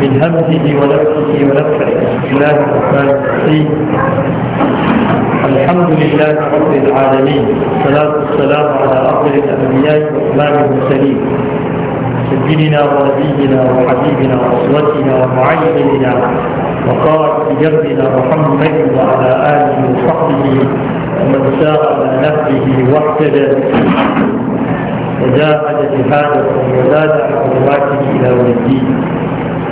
من همزه ونفسه ونفسه بسم الله الرحمن الرحيم الحمد لله رب العالمين والصلاة والسلام على أفضل الأنبياء وإمام المرسلين سيدنا ونبينا وحبيبنا وأسوتنا ومعلمنا وقائد بجنبنا محمد وعلى آله وصحبه ومن سار على نهجه واهتدى وجاهد جهاده وزاد عن الى ولدي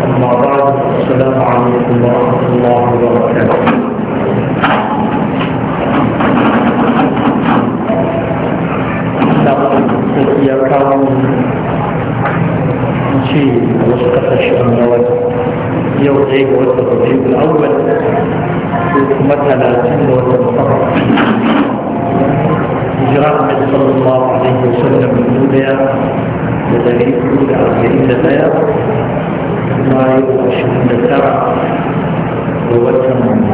اما بعد السلام عليكم ورحمه الله وبركاته يا كرم نشيد وسقط الشمس يوم عيد والتطبيق الاول مثلا سنه وتنصرف هجرة النبي صلى الله عليه وسلم من دنيا الذي يدعى أربعين الدنيا ما من أن هو ووتم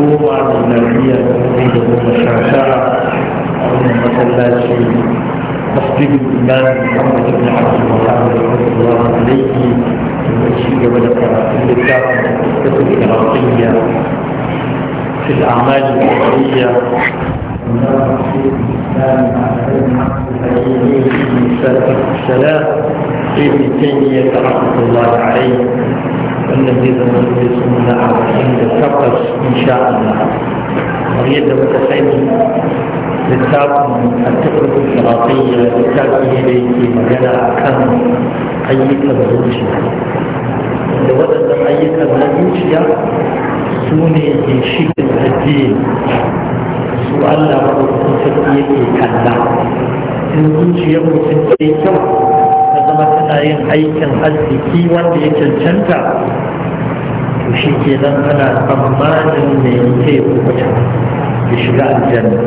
هو على النبي تريد المشاكرة من مثلات تصديق الإمام محمد بن عبد الله رضي الله عليه المشي ولك الكتاب العراقية في الأعمال الخيرية السلام ابن تيمية رحمة الله عليه والذي مجلس من عند الفقر إن شاء الله ويد متسامي للتاكم التقرب الصراطية للتاكم إليك مجانا كان أيك بزوجها لو أن أيك بزوجها su ne ginshikin addini su Allah maɗaukakin sarki yake kalla in zuciyar mutum ta kyau ta zama tana yin aikin arziki wanda ya cancanta to shi ke nan tana tsammanin mai yake kuɓuta ya shiga aljanna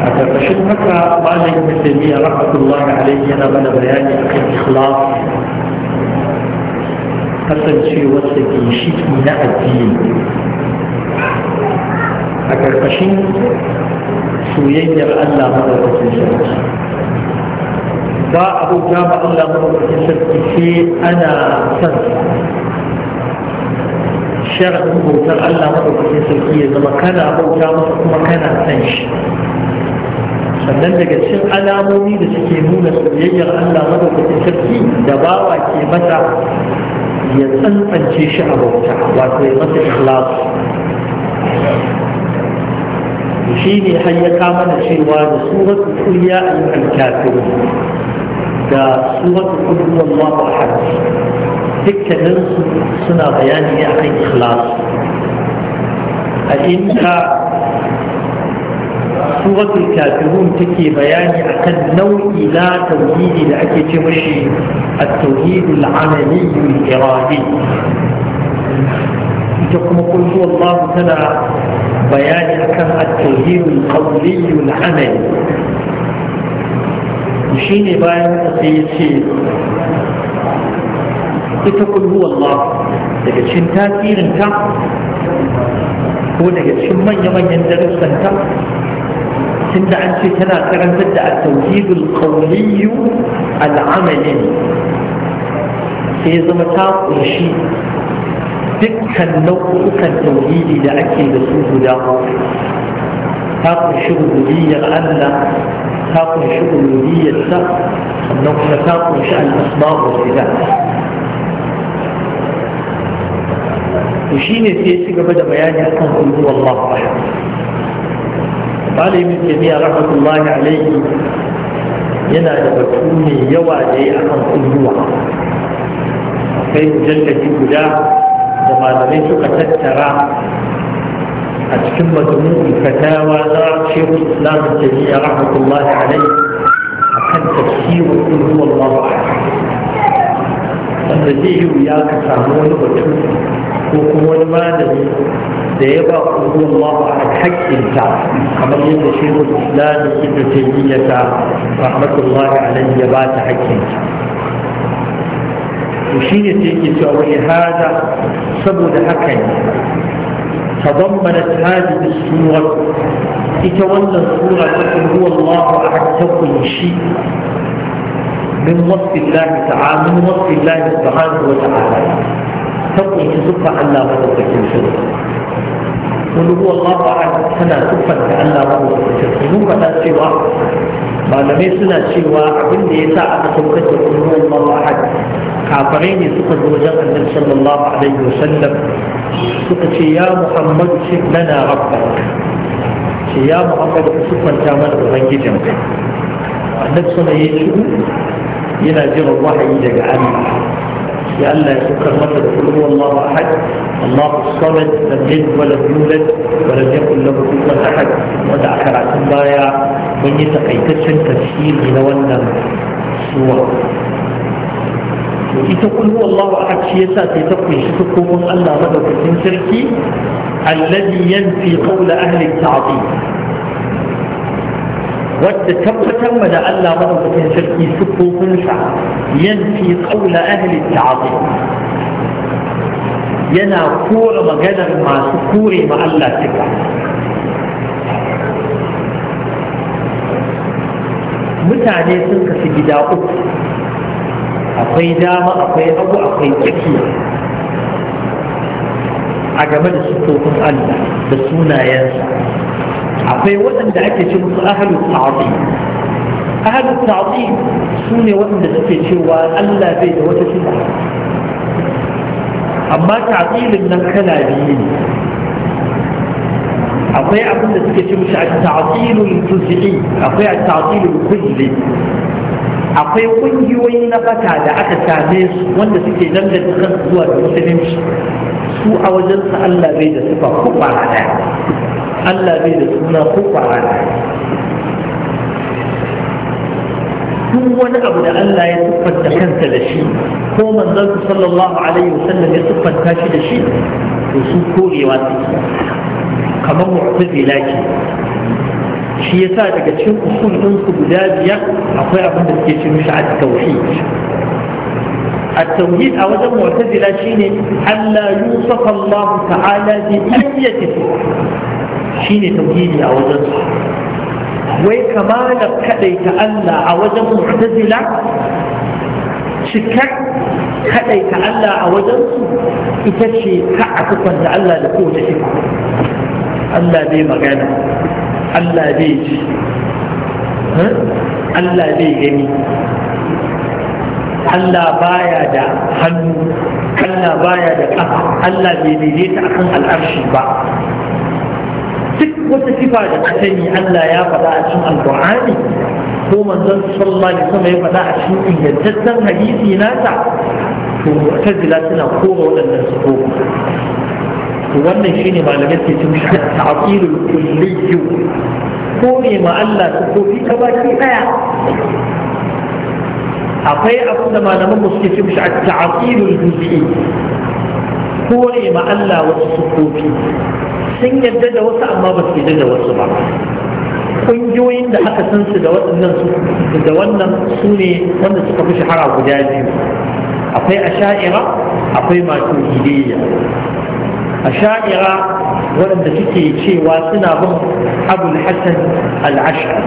a ƙarƙashin haka malam ibn taymiya rahmatullahi alaihi yana mana bayani akan ikhlas kasancewarsa ginshiki na addini a ƙarƙashin soyayyar Allah maɗaukakin sarki ba a bauta ba Allah maɗaukakin sarki sai ana son sharafin bautar Allah maɗaukakin sarki ya zama kana bauta masa kuma kana son shi sannan daga cikin alamomi da suke nuna soyayyar Allah maɗaukakin sarki da bawa ke mata ya tsantsance shi a bauta wato ya masa ikhlas shi ne har ya kama da cewa da suratul qul a yi kafirun da suratul qul huwallahu ahad dukkanin suna bayani ne akan ikhlas a inda سورة الكافرون تكي بياني أكد نوع إلى توحيد لأكي تمشي التوحيد العملي الإرادي تقوم قل هو الله تلا بياني أكد التوحيد القولي العملي مشيني بياني تسيسي ita هو الله Allah daga cikin tasirin ta ko daga cikin manya-manyan tunda an ce tana karantar da at-tauhidul qawliyyu al-amali sai zama ta kunshi dukkan nau'ukan tauhidi da ake da su guda ta kunshi rububiyyar Allah ta kunshi uluhiyyarsa sannan kuma ta kunshi al-asma' wa sifat to shine sai ya ci gaba da bayani akan kullu wallahu ahad malai ibn rahmatullahi alaihi yana da batu mai yawa da ya akan kulluwa akwai mujallafi guda da malamai suka tattara a cikin mazmunin fatawa na shehu islam taymiya rahmatullahi alaihi kan tafsirin kulluwa Allahu wanda zai yi wuya ka samu wani batu ko kuma wani malami da ya ba kuma Allahu a haƙƙinta kamar yadda shehu Islam Ibn Taymiyyah ta rahmatullahi alaihi ya ba ta haƙƙinta to shine sai yake cewa wani hada saboda haka ne تضمنت هذه السورة تتولى السورة تقول هو الله أحد تكن شيء من وصف الله تعالى من وصف الله سبحانه وتعالى تقل تصف على ما wani huwa Allahu ahad tana siffar da Allah ba ko sarki mun faɗa cewa malamai suna cewa abin da ya sa aka saukar da wani huwa Allahu ahad kafirai ne suka zo wajen annabi sallallahu alaihi wasallam suka ce ya Muhammadu shif lana rabbak ce ya Muhammadu ka siffanta mana ubangijinka annabi sallallahu alaihi wasallam yana jiran wahayi daga Allah يا الله يفكر يقول هو الله أحد الله الصمد لم يلد ولم يولد ولم يكن له كفوا أحد ودع كراتين بايا من يتقيتشن تفسير لنوانا سورة ita kun huwa Allahu ahad shi yasa sai ta kunshi hukumun Allah madaukakin sarki alladhi yanfi qawla ahli ta'dil wadda tabbatar ma da Allah madaukakin sarki sufofinsa yanfi qaula ahli ta'zim yana kore maganar masu kore ma Allah sifa mutane sun kasu gida uku akwai dama akwai abu akwai tsakiya a game da sufofin Allah da sunayensa akwai waɗanda ake ce musu ahalu ta'ati ahalu ta'ati su ne waɗanda suke cewa Allah bai da wata sifa amma ta'atilin nan kana biyu ne akwai abin da suke ce musu a ta'atilul juz'i akwai a ta'atilul kulli akwai kungiyoyi na bata da aka same su wanda suke danganta kan zuwa da musulunci su a wajen sa Allah bai da sifa ko ba daya Allah bai da suna ko kwara duk wani abu da Allah ya siffanta kansa da shi ko manzon sallallahu alaihi wasallam ya siffanta shi da shi to su korewa suke kamar mu'tazila ke shi ya sa daga cikin usul din su guda biyar akwai abin da suke ce mishi at-tauhid التوحيد أو ذم معتزلة شيني ألا يوصف Allah تعالى بأي صفة shi ne tauhidi a wajen su wai kamalar kaɗaita Allah a wajen mu'tazila cikar kaɗaita Allah a wajen su ita ce ka a da Allah da kowace sifa Allah bai magana Allah bai ji eh? Allah bai gani Allah baya da hannu Allah baya da ƙafa Allah bai daidaita akan al'arshi ba duk wata sifa da ta sani Allah ya faɗa a cikin alƙur'ani ko manzon sallallahu alaihi wasallam ya faɗa a cikin ingantaccen hadisi nasa to mu'tazila suna kora waɗannan sifofi to wannan shine malamai ke cin shi ta'qilul kulliyyu ko ne ma Allah kofi ka baki daya akwai abin da malaman musu ke cin shi ta'qilul juz'i ko ne ma Allah wasu su kofi? sun yadda da wasu amma ba su yadda da wasu ba ƙungiyoyin da aka san su da waɗannan su da wannan su ne wanda suka fi shahara guda biyu akwai a sha'ira akwai masu A sha'ira, waɗanda suke cewa suna bin abul hassan al'ashari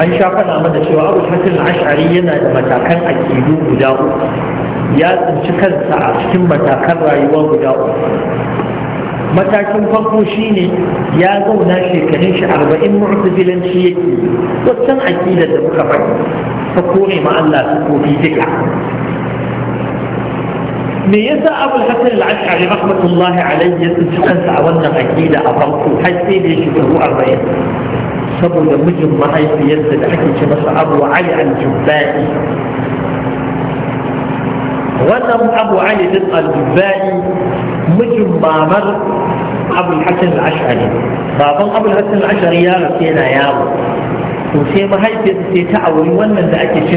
an sha faɗa mana cewa abul hassan al'ashari yana da matakan akidu guda uku ya tsinci kansa a cikin matakan rayuwa guda uku matakin farko shine ya zauna shekarun shi arba'in mu'tazilanci yake waccan aƙida da muka faɗi ta kore ma Allah su kofi duka me yasa abul hasan al-ash'ari rahmatullahi alayhi ya tsinci kansa a wannan aƙida a farko har sai da shekaru arba'in saboda mijin mahaifiyarsa da ake ce masa abu ali al-jubba'i wannan abu ali din al-jubba'i mijin mamar abul hasan al baban abul hasan al-ash'ari ya rasu yana yawo to sai mahaifiyarsa sai ta auri wannan da ake ce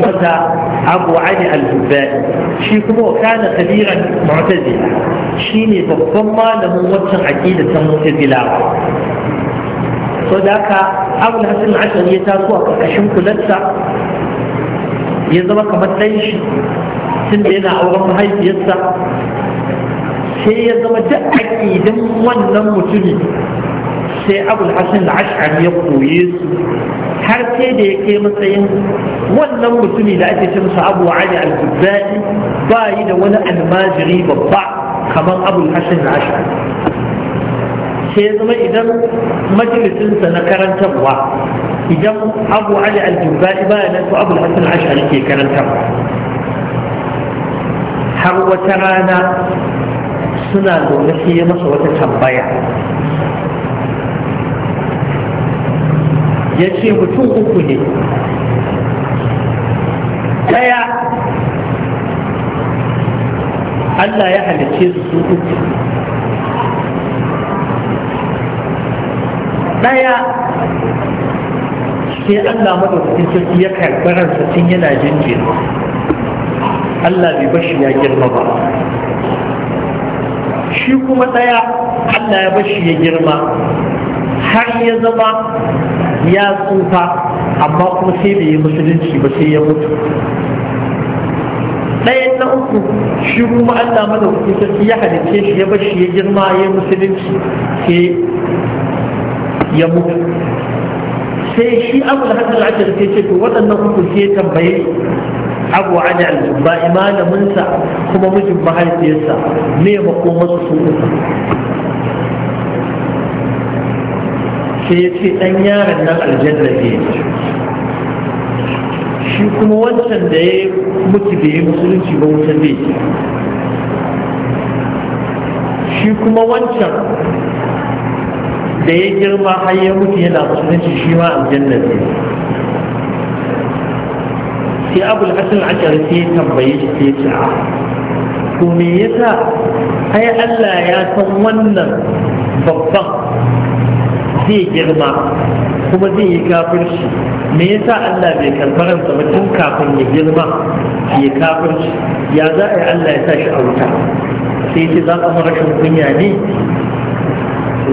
abu ali al-hubbani shi kuma wa kana kabiran mu'tazila ne babban malamin waccan aqida ta mu'tazila so da haka abu hasan al-ash'ari ya taso a karkashin kulansa ya zama kamar ɗan shi tun da yana auren mahaifiyarsa sai ya zama duk aƙidan wannan mutumin sai abul hasan ash'ari ya koye su har sai da ya kai matsayin wannan mutumi da ake ce masa abu ali al-kubbani ba yi da wani almajiri babba kamar abul hasan ash'ari sai ya zama idan majalisinsa na karantarwa idan abu ali al-kubbani ba ya nan to abul hasan ash'ari ke karantarwa har wata rana suna domin sai ya masa wata tambaya ya ce mutum uku ne ɗaya Allah ya halicce su su uku ɗaya sai Allah madaukakin sarki ya karɓi ransa tun yana jinjin Allah bai bashi ya girma ba shi kuma ɗaya Allah ya bashi ya girma har ya zama ya tsufa amma kuma sai bai yi musulunci ba sai ya mutu ɗayan na uku shi kuma Allah mana hukun sarki ya halitta shi ya bashi ya girma ya musulunci sai ya mutu sai shi abu da hajjar ake da ce to waɗannan uku sai ya tambaye abu ali al-jubba'i malaminsa kuma mijin mahaifiyarsa me makomarsu su uku sai ya ce ɗan yaron nan aljanna ne shi kuma wancan da ya mutu da ya musulunci ba wuta zai shi kuma wancan da ya girma har ya mutu yana musulunci shi ma aljanna ne sai abul hasan ashari sai tambaye shi sai ce a ah, to me yasa ai Allah ya san wannan babban zai girma kuma zai yi kafin shi, me yasa Allah bai karfaransa ba tun kafin ya girma ya shi, ya za a yi Allah ya sa shi a wuta sai ce za a rashin kunya ne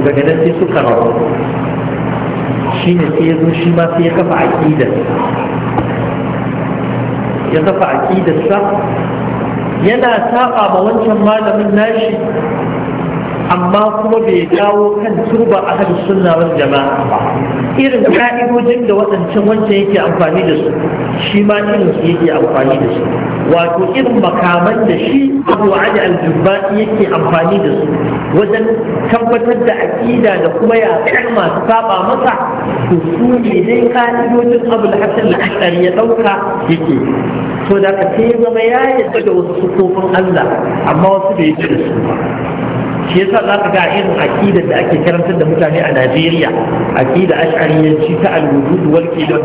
daga nan sai suka rawa shi ne sai ya zo shi ma sai ya kafa aƙidar ya kafa aƙidarsa yana taɓa ma wancan malamin nashi amma kuma bai dawo kan turba a hadu sunna wal jama'a ba irin ka'idojin da waɗancan wancan yake amfani da su shi ma irin su yake amfani da su wato irin makaman da shi abu ali al yake amfani da su wajen tabbatar da aƙida da kuma yaƙar masu saba masa to su ne dai ka'idojin abu hasan al ya ɗauka yake to da ka zama ya yi da wasu sufofin Allah amma wasu bai yi da su ba shi yasa za ka ga irin aƙidar da ake karantar da mutane a Najeriya aƙida ash'ariyanci ta al-wujud wal qiyam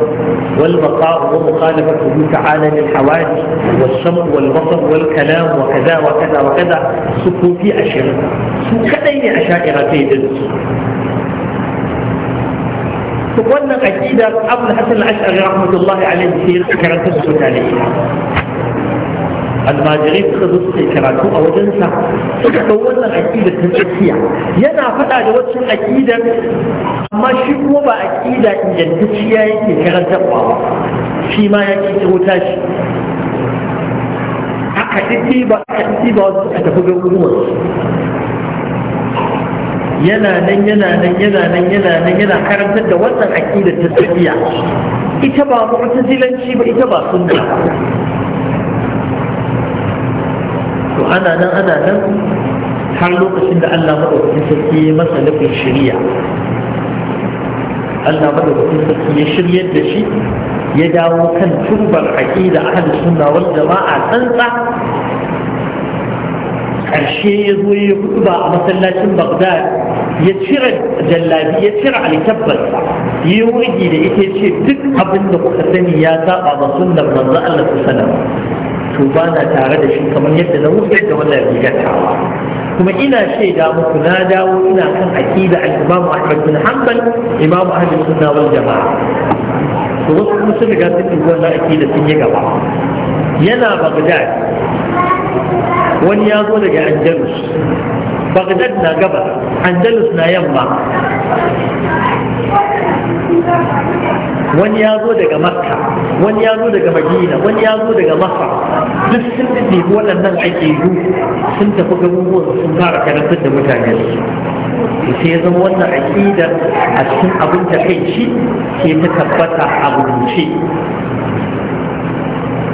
wal baqa' wa mukhalafatu ta'ala lil hawadith wa sam wal basar wal kalam wa kaza wa kaza wa kaza su kofi ashirin su kadai ne ash'ira ta yi to wannan aƙida Abdul Hasan al-Ash'ari rahmatullahi alaihi sai ya karantar da mutane almajirai suka zo suka karatu a wajensa suka ɗau wannan aƙidar ta tsakiya yana faɗa da waccan aƙidar amma shi kuma ba aƙida ingantacciya yake karantarwa ba shi ma ya ƙi wuta shi aka ɗiɗi ba aka ɗiɗi ba wasu aka tafi garuruwan yana nan yana nan yana nan yana nan yana karantar da wannan aƙidar ta tsakiya ita ba mu'tazilanci ba ita ba sunna to ana nan ana nan har lokacin da Allah madaukakin sarki ya masa nufin shari'a Allah sarki ya shiryar da shi ya dawo kan turbar aqida ahli sunna wal jama'a tsantsa ƙarshe ya zo ya hudu ba a masallacin Baghdad ya cire jallabi ya cire alkabbarsa yi wurgi da ita ce duk abin da kuka sani ya saba ba sunnar manzo Allah sallallahu alaihi wasallam to ba na tare da shi kamar yadda na wuce da wannan rigar tawa kuma ina shaida muku na dawo ina kan aqida al-Imam Ahmad bin Hanbal Imam Ahmad Sunna wal Jama'a to wasu kuma sun riga sun duba na aqida sun yi gaba yana Baghdad wani ya zo daga Andalus Baghdad na gaba Andalus na yamma wani ya zo daga makka wani ya zo daga madina wani ya zo daga masa duk sun ɗiɗi waɗannan aƙidu sun tafi garuruwan sun fara karantar da mutane su sai ya zama wannan aƙidar a cikin abin da kai shi sai ta tabbata a rubuce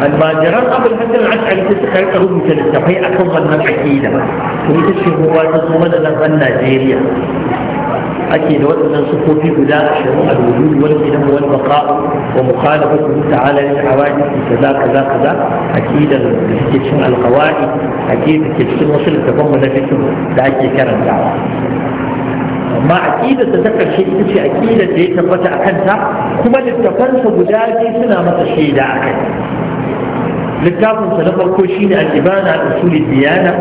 almajiran abin hasan al'ashari ta suka rika rubuta littafai akan wannan aƙida to ita ce kowa ta zo mana nan Najeriya أكيد وأن صفوف بلا شروع الوجود والإنم والبقاء ومخالفة تعالى للحوادث كذا كذا كذا أكيد تكشف القواعد أكيد تكشف وصل تضمن فكر ذاك كان الدعوة ما أكيد تذكر شيء تشي أكيد ديتا فتا أكنتا كما للتفنس بلا جيسنا متشيدا أكنتا littafinsa أكيد farko shine al-ibana al-usul diyana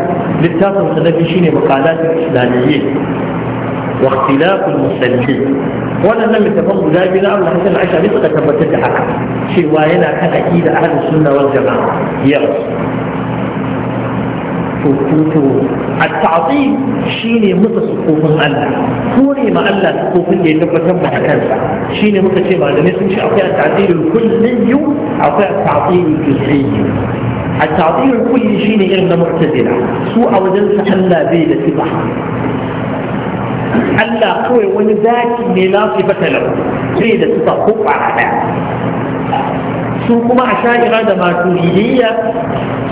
littafinsa na biyu shine maqalat واختلاف المسلمين ولا لم يتفق ذلك الا ابو الحسن العشري قد ثبت الحق في وينا كان اكيد اهل السنه والجماعه يلا التعظيم شيني متى صفوف الله كوني ما الله صفوف اللي تبتم مع كذا شيني متى شيء ما لنسي شيء أعطيها التعظيم الكلي أعطيها التعظيم الجزئي التعظيم الكلي شيني إغنى مرتدلة سوء وجلس حلا في بحر Allah kawai wani zaki ne na su fata lau sai da suka kuɓa haɗa su kuma a sha'ira da masu maturidiyya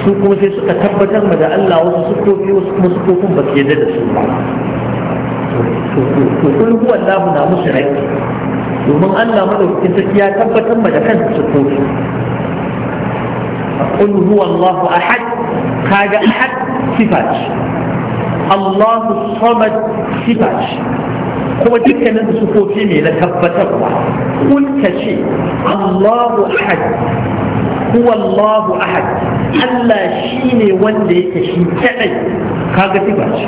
su kuma sai suka tabbatar ma da Allah wasu sukofi wasu kuma sukofin ba su yadda da su ba to kun huwa Allah na musu rai domin Allah madaukakin sarki ya tabbatar ma da kansa sukofi قل هو الله أحد هذا أحد صفات الله الصمد sifa ce kuma dukkanin sufofi ne na tabbatarwa kun ka ce Allahu ahad huwa Allahu ahad Allah shi ne wanda yake shi kadai kaga sifa ce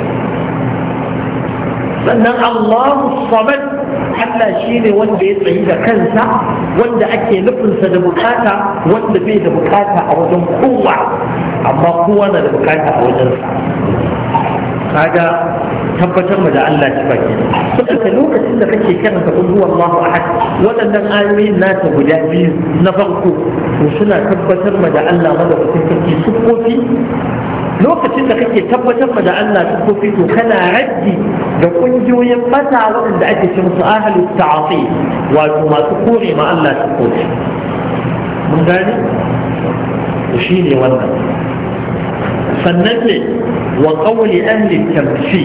sannan Allahu samad Allah shi ne wanda ya tsayi da kansa wanda ake nufinsa da bukata wanda bai da bukata a wajen kowa amma kowa na da bukata a wajensa kaga tabbatar mu da Allah shi baki saboda lokacin da kake karanta qul huwallahu ahad waɗannan ayoyin nata guda biyu na farko to suna tabbatar mu da Allah madaukakin sarki sukofi lokacin da kake tabbatar mu da Allah sukofi to kana raddi da kungiyoyin bata waɗanda ake ce su ahlus ta'ati wato masu kore ma Allah sukofi mun gane shi shine wannan sannan ne wa qawli ahli tamshi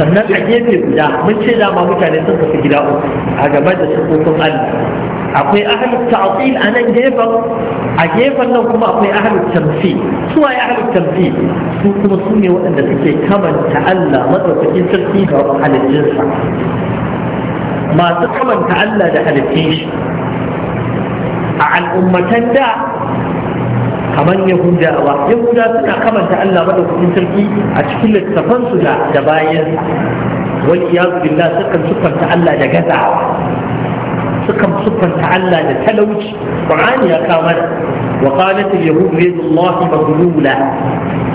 sannan a gefe guda mun ce dama mutane sun kasu gida uku a gaban da sufofin Allah akwai ahlul ta'til a nan gefen a gefen nan kuma akwai ahlul tamfi su waye ahlul tamfi su kuma su ne waɗanda suke kamanta Allah madaukakin sarki da halittinsa masu kamanta Allah da halittin shi a al'ummatan da kamar yahudawa yahuda suna kamanta allah madaukakin sarki a cikin littafansu da bayan wani iyazu billah sukan siffanta allah da gazawa sukan siffanta allah da talauci Al-ƙur'ani ya kama da وقالت اليهود يد الله مغلولة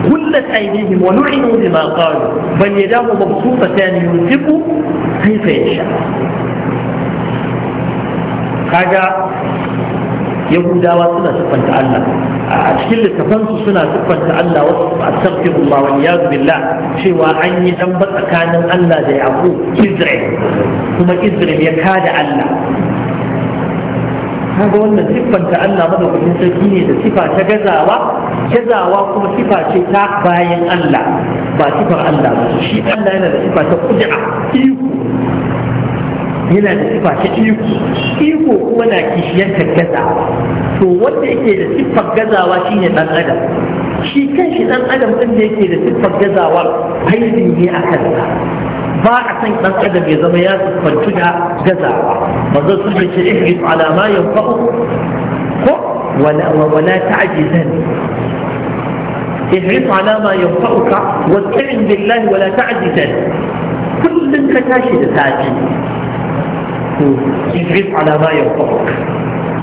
غلت أيديهم ولعنوا بما قالوا بل يداه مبسوطتان ينفق كيف يشاء kaga yahudawa suna siffanta Allah a cikin littafansu suna siffanta Allah wasu astaghfirullah wal iyad billah cewa an yi dan tsakanin Allah da Yaqub Israel kuma Israel ya kada Allah kaga wannan siffanta Allah madaukakin sarki ne da sifa ta gazawa gazawa kuma sifa ce ta bayan Allah ba sifar Allah ba shi Allah yana da sifa ta kud'a iko yana da siffa ta iko iko kuma na kishiyar gaza to wanda yake da siffar gazawa shine dan adam shi kan shi dan adam din da yake da siffar gazawa aibi ne a kansa ba a san dan adam ya zama ya siffantu da gazawa manzo sun ce ihris ala ma yanfa'u ko wala wala ta'jizan ihris ala ma yanfa'uka wasta'in billahi wala ta'jizan kullun ka tashi da tashi to idris ala ma yanfa'uk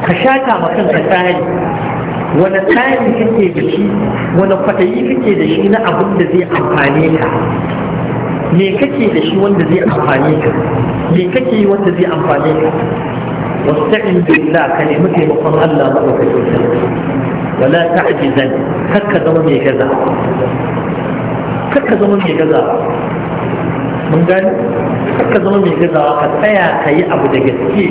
ka shata ma kanka tsari wani tsari kake da shi wani kwatayi kake da shi na abin da zai amfane ka me kake da shi wanda zai amfane ka me kake yi wanda zai amfane ka wasta'in billah ka nemi taimakon Allah ba ka kyauta wala ta'jizan kakka zama mai gaza kakka zama mai gaza mun gani ka zama mai gazawa ka tsaya ka yi abu da gaske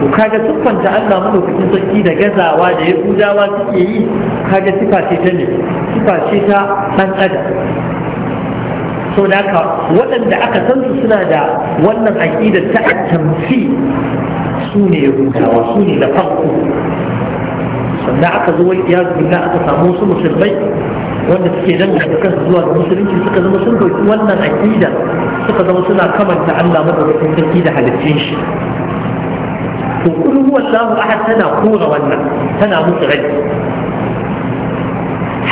to kaga siffanta Allah madaukakin sarki da gazawa da ya yahudawa suke yi kaga sifa ce ta ne ce ta dan adam so da haka waɗanda aka san su suna da wannan aƙida ta tamfi su ne ya gudawa su ne da farko sannan aka zo wai ya zubin aka samu su musulmai wanda suke danganta kansu zuwa ga musulunci suka zama sun dauki wannan aqida suka zama suna kamanta Allah madaukakin sarki da halittun shi to kullu huwallahu ahad tana kora wannan tana musu rai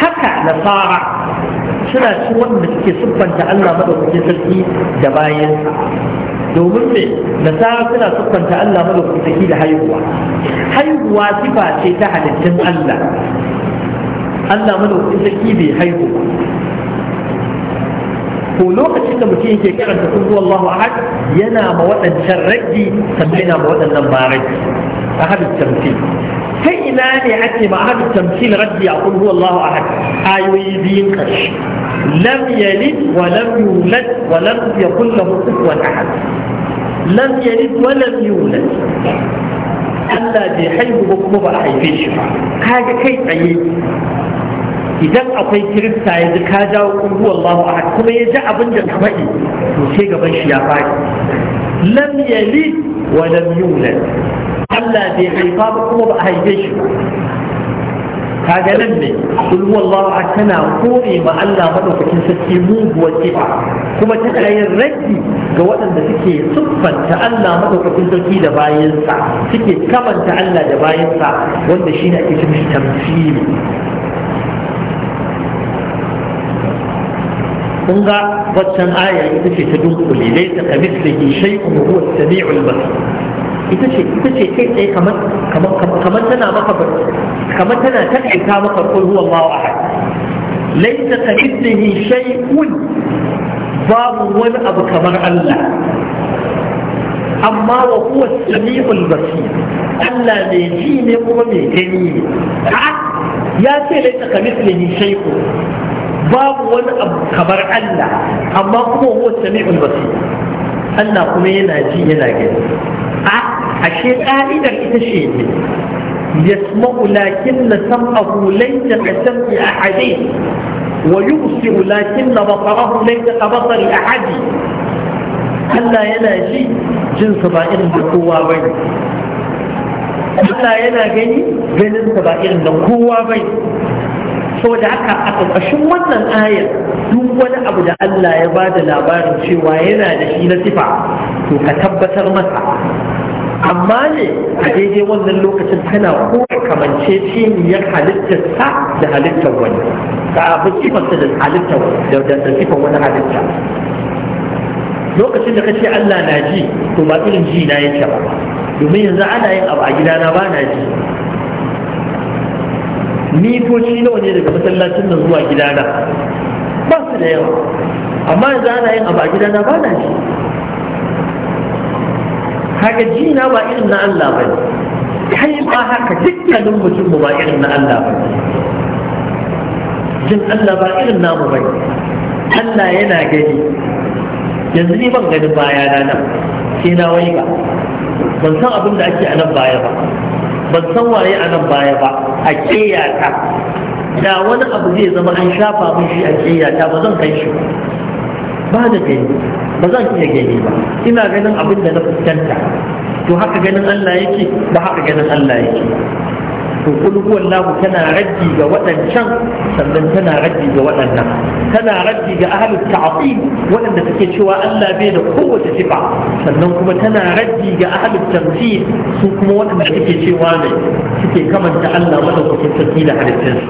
haka nasara suna ci wanda suke siffanta Allah madaukakin sarki da bayansa domin me nasara suna siffanta Allah madaukakin sarki da haihuwa haihuwa sifa ce ta halittun Allah Allah madaukakin sarki bai haihu ko lokacin da mutum yake karanta kun zuwa Allahu ahad yana ma waɗancan raddi sannan yana ma waɗannan ba raddi ahadu tamthil sai ina ne ake ma ahadu tamthil raddi a kun zuwa Allahu ahad ayoyi biyun karshe lam yalid wa lam yulad wa lam yakul lahu kufuwan ahad lam yalid wa lam yulad Allah bai haihu ba kuma ba a haife shi ba kaga kai tsaye idan akwai kirista ya ji ka jawo kulhu Allahu ahad kuma ya ji abin da ka faɗi to sai gaban shi ya faɗi lam yalid wa lam yulad Allah bai haifa ba kuma ba a haife shi kaga nan ne kul wallahu ahad tana kore ma Allah madaukakin sarki muguwar kifa kuma tana yin raddi ga waɗanda suke siffanta Allah madaukakin sarki da bayansa suke kamanta Allah da bayansa wanda shine ake cikin tamfili. kun ga waccan ayar ita ce ta dunkule dai ta kamis da ke shaikun huwa sami'ul basir ita ce ita ce kai tsaye kamar kamar tana maka kamar tana takaita maka kul huwa Allahu ahad laysa kamithlihi shay'un babu wani abu kamar Allah amma wa huwa samiul basir Allah ne ji ne kuma mai gani ne ya ce laysa kamithlihi shay'un babu wani abu kamar Allah amma kuma huwa sami'ul basir Allah kuma yana ji yana gani a ashe ka'idar ita ce ne يسمع لكن سمعه ليس كسمع أحدهم ويبصر لكن بصره ليس كبصر أحد Allah yana ji sa ba irin da kowa ba Allah yana gani sa ba irin da kowa ba saboda haka a ƙarƙashin wannan ayar duk wani abu da Allah ya ba da labarin cewa yana da shi na sifa to ka tabbatar masa amma ne a daidai wannan lokacin tana ko kamance ciniyar halittarsa da halittar wani ka abu sifarsa da halittar da sifar wani halitta lokacin da kace Allah na ji to ba irin ji na yake ba domin yanzu ana yin abu a gidana ba na ji mitoci nawa ne daga masallacin nan zuwa gidana ba su da yawa amma yanzu ana yin abu a gidana ba na shi haka jina ba irin na Allah ba ne kai ba haka dukkanin mutum ba irin na Allah ba jin Allah ba irin namu ba Allah yana gani yanzu ni ban gani baya na nan sai na wai ba ban san abin da ake a nan baya ba ban san waye a nan baya ba a ƙiyata da wani abu zai zama an shafa mun shi a ƙiyata ba zan kai shi ba da gani ba zan iya gani ba ina ganin abin da na fuskanta to haka ganin Allah yake ba haka ganin Allah yake to kulhuwan lahu tana raddi ga waɗancan sannan tana raddi ga waɗannan tana raddi ga ahlul ta'zim waɗanda suke cewa Allah bai da kowace sifa sannan kuma tana raddi ga ahlul tamthil su kuma waɗanda suke cewa ne suke kamanta Allah madaukakin sarki da halittarsa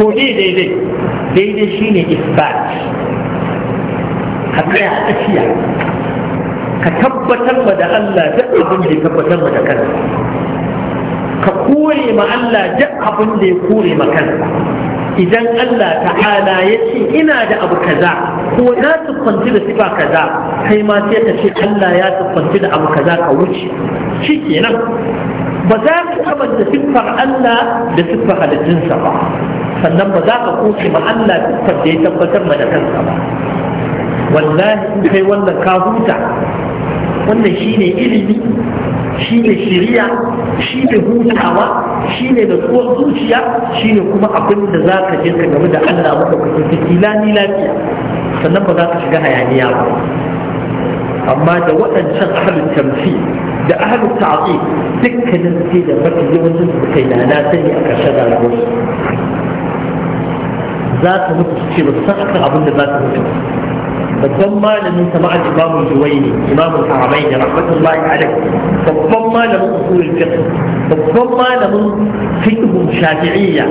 to dai dai dai shine isbat ka tsaya a tsakiya ka tabbatar da Allah duk abin da ya tabbatar da kansa ka kore ma Allah duk abin da ya kore ma kansa idan Allah ta'ala ya ce ina da abu kaza ko na siffanci da sifa kaza kai ma sai ka ce Allah ya siffanci da abu kaza ka wuce shi kenan ba za ka kamanta siffar Allah da siffar halittunsa ba sannan ba za ka koke ma Allah siffar da ya tabbatar ma da kansa ba wallahi in kai wannan ka huta wannan shine ilimi shi ne shiriya shi ne hutawa shi ne da tsohon zuciya shi ne kuma abin da za ka je ka game da Allah wanda ka ke ciki lafiya sannan ba za ka shiga hayaniya ba amma da waɗancan ahalin tamfi da ahalin ta'azi dukkanin sai da mafi yawancin da kai da na sani a ƙarshen rayuwarsu za ka mutu su ce ba san abin da za ka mutu babban malamin sama a imamu juwaini imamu haramai da rahmatullahi alaihi babban malamin usulul fiqh babban malamin fiqh shafi'iyya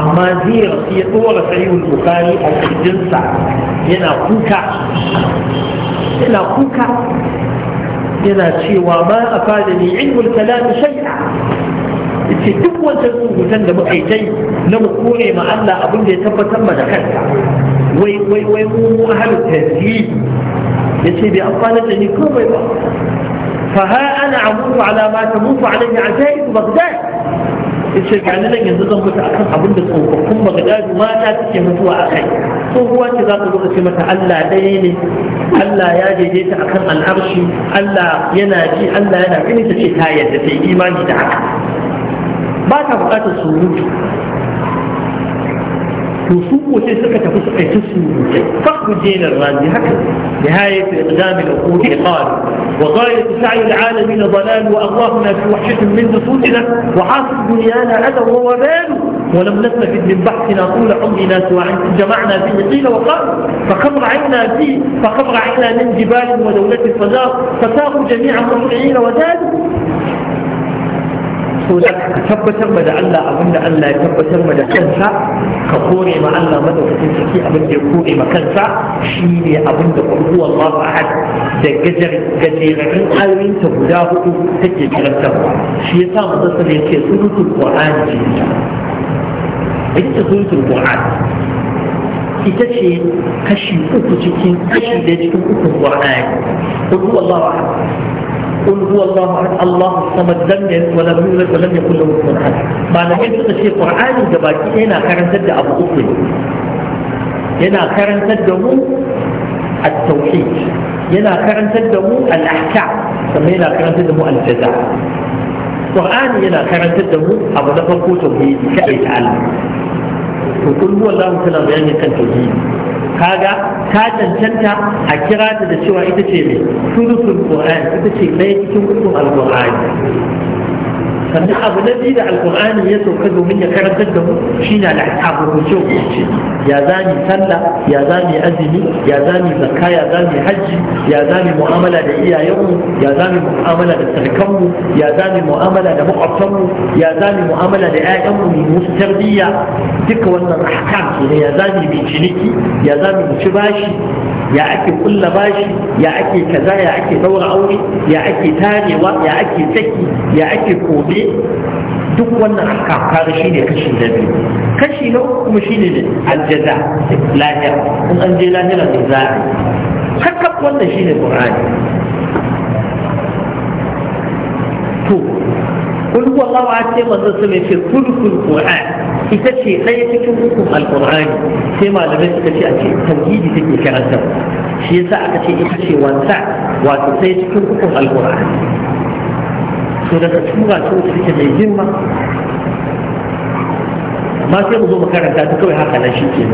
amma zai rasu ya dora sahihul bukhari a kirjinsa yana kuka yana kuka yana cewa ma afadani ilmul kalam shay'a yace duk wancan rubutan da muka yi na mu kore ma Allah abin da ya tabbatar ma da kanka wai wai wai mu ya ce yace bai amfana da ni komai ba fa ha ana amutu ala ma tamutu su ajaib baghdad yace ga nan yanzu zan mutu akan abin da tsofaffin baghdad mata take mutuwa kai. tsohuwa ce za ta zo ce mata Allah ɗaya ne Allah ya daidaita akan al'arshi Allah yana ji Allah yana gani ta ce ta yadda ta yi imani da haka ba ta buƙatar surutu وسوء سكة فسقة تسوء فقه جيل الرازي هكذا نهاية إقدام العقول قال وغاية سعي العالمين ضلال وأرواحنا في وحشة من نفوسنا وحاصل دنيانا أذى ووبال ولم نستفد من بحثنا طول عمرنا سواء جمعنا فيه قيل وقال فقد رعينا فيه فقد رعينا من جبال ودولة الفزار فساقوا جميع المطيعين وزادوا so da ka tabbatar ma da Allah abin da Allah ya tabbatar ma da kansa ka kore ma Allah madaukakin sarki abin da ya kore ma kansa shi ne abin da kulhu Allah ahad da gajar gajerarin ayoyin ta guda hudu take karantarwa shi ya sa sallallahu alaihi wasallam yake sunutul qur'ani ita sunutul qur'ani ita ce kashi uku cikin kashi da cikin uku qur'ani kulhu Allah ahad قل هو الله احد الله الصمد لم يلد ولم يولد ولم يكن له كفوا احد qur'ani da baki yana karantar da mu at yana karantar da mu al-ahkam sannan yana karantar da mu al-jaza qur'ani yana karantar da mu farko Allah bayani kan kaga ta cancanta a kira ta da cewa ita ce mai sudusul qur'an ita ce mai cikin kutun alqur'ani sannan abu na biyu da alkur'ani ya sauka domin ya karantar da mu shine al'abu rubuce rubuce ya za mu sallah ya za mu azumi ya za mu zakka ya za mu hajji ya za mu mu'amala da iyayenmu ya za mu mu'amala da sarkanmu ya za mu mu'amala da makwabtanmu ya za mu mu'amala da ƴaƴanmu mu musu tarbiyya duka wannan ahkam ne ya za mu bi ciniki ya za mu ci bashi ya ake kulla bashi ya ake kaza ya ake daura aure ya ake tarewa ya ake saki ya ake kome duk wannan kakar shi ne kashi na biyu kashi na uku kuma shi ne aljaza lahira in an je lahira ne za a yi wannan shi ne qur'ani kul wallahu a ce manzo su mai ce kulkul qur'an ita ce ɗaya cikin hukun alqur'ani sai malamai suka ce a ce tauhidi take karanta shi yasa aka ce ita ce wanta wato ɗaya cikin hukun alqur'ani to daga tura to take mai himma amma sai mu zo makaranta ta kawai haka shi shike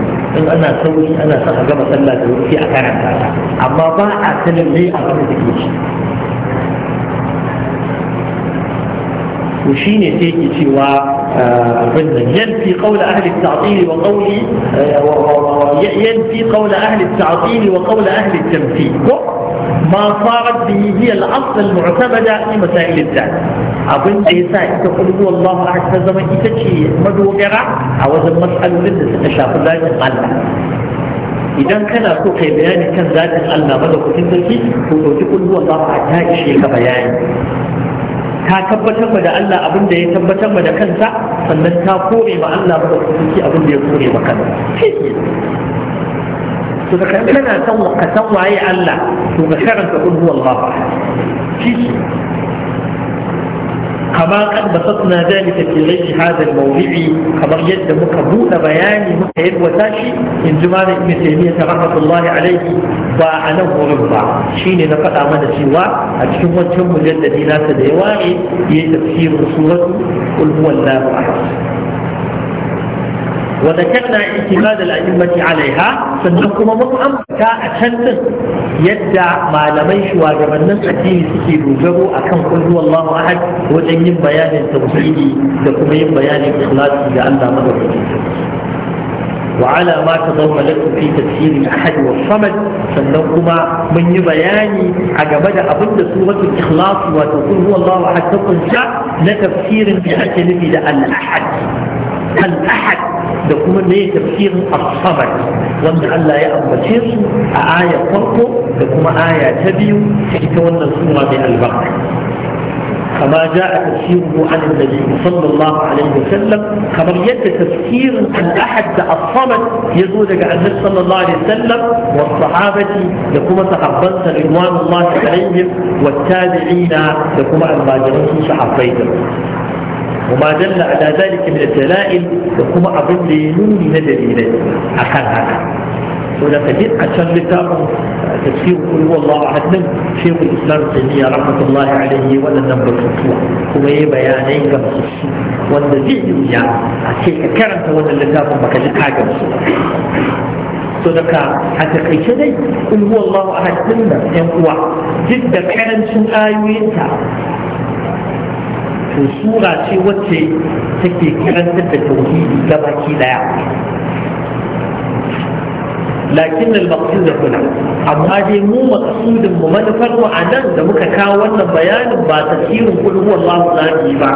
in ana sauri ana sa a gama sallah da wuri a karanta amma ba a sanin ne a wani da ke shi وشين نتيجي سوى الفنن ينفي قول أهل التعطيل وقول ينفي قول أهل التعطيل وقول أهل التمثيل ما صارت به هي الأصل المعتمدة في مسائل الذات أظن إيسا يقول هو الله أعز فزما إتشي مدو غيره أو هذا المسألة لدى تشاف الله من إذا كان أقول في بيان كان ذات الألم مدو كتنتكي هو تقول هو الله أعز هاي الشيء كبيان ta tabbatar da Allah abin da ya tabbatar da kansa sannan ta kore ma Allah ba da kusurci abin da ya kore ma kansa to da kana san ka san waye Allah to ka karanta kulhu Allah shi kama kan basatna zalika fi ghairi hadha al kamar yadda muka buɗe bayani muka yadwata shi in ji malam ibn taymiyyah rahmatullahi alaihi ba a nan wurin ba shine na faɗa mana cewa a cikin wancan mujalladi nasa da ya ware yayi tafsirin suratu qul huwallahu ahad وذكرنا اعتماد الأئمة عليها فنقوم مطعم كأشد يدع ما لم شوى من الدين في بوجبه أكم قل هو الله أحد وجن بيان bayanin tauhidi da kuma yin bayanin ikhlasi da وعلى ما تضم لكم في تفسير الاحد والصمد سنكما من يبيان عجبنا ابد سوره الاخلاص وتقول هو الله احد تقل شاء لتفسير بأجل الى الاحد الاحد da kuma ne tafsirin asabar wanda Allah ya ambace su a aya farko da kuma aya ta biyu ta ita wannan sura mai albarka كما جاء تفسيره عن النبي صلى الله عليه وسلم كما يد تفسير عن أحد الصمد يزود عن النبي صلى الله عليه وسلم والصحابة لكم تقبلت رضوان الله عليهم والتابعين لكم الماجرين صحابيهم وما دل على ذلك من الدلائل وكما أبن لينوني ندليلي أكان هذا ولك دي أشان لتابع تفسير قل هو الله أحد من شيخ الإسلام تيمية رحمة الله عليه ولا نمبر فتوى كما يبياني كمسوس وأن ذي يعني أشيك كرمت وأن لتابع مكان حاجة مسوس sadaka a takaice dai in huwa Allahu ahad din nan ɗan uwa duk da karancin ayoyinta to sura ce wacce take kirantar da tauhidi ga baki daya lakin al da huna amma dai mu maksudin mu manufar mu nan da muka kawo wannan bayanin ba tafsirin kul huwallahu zabi ba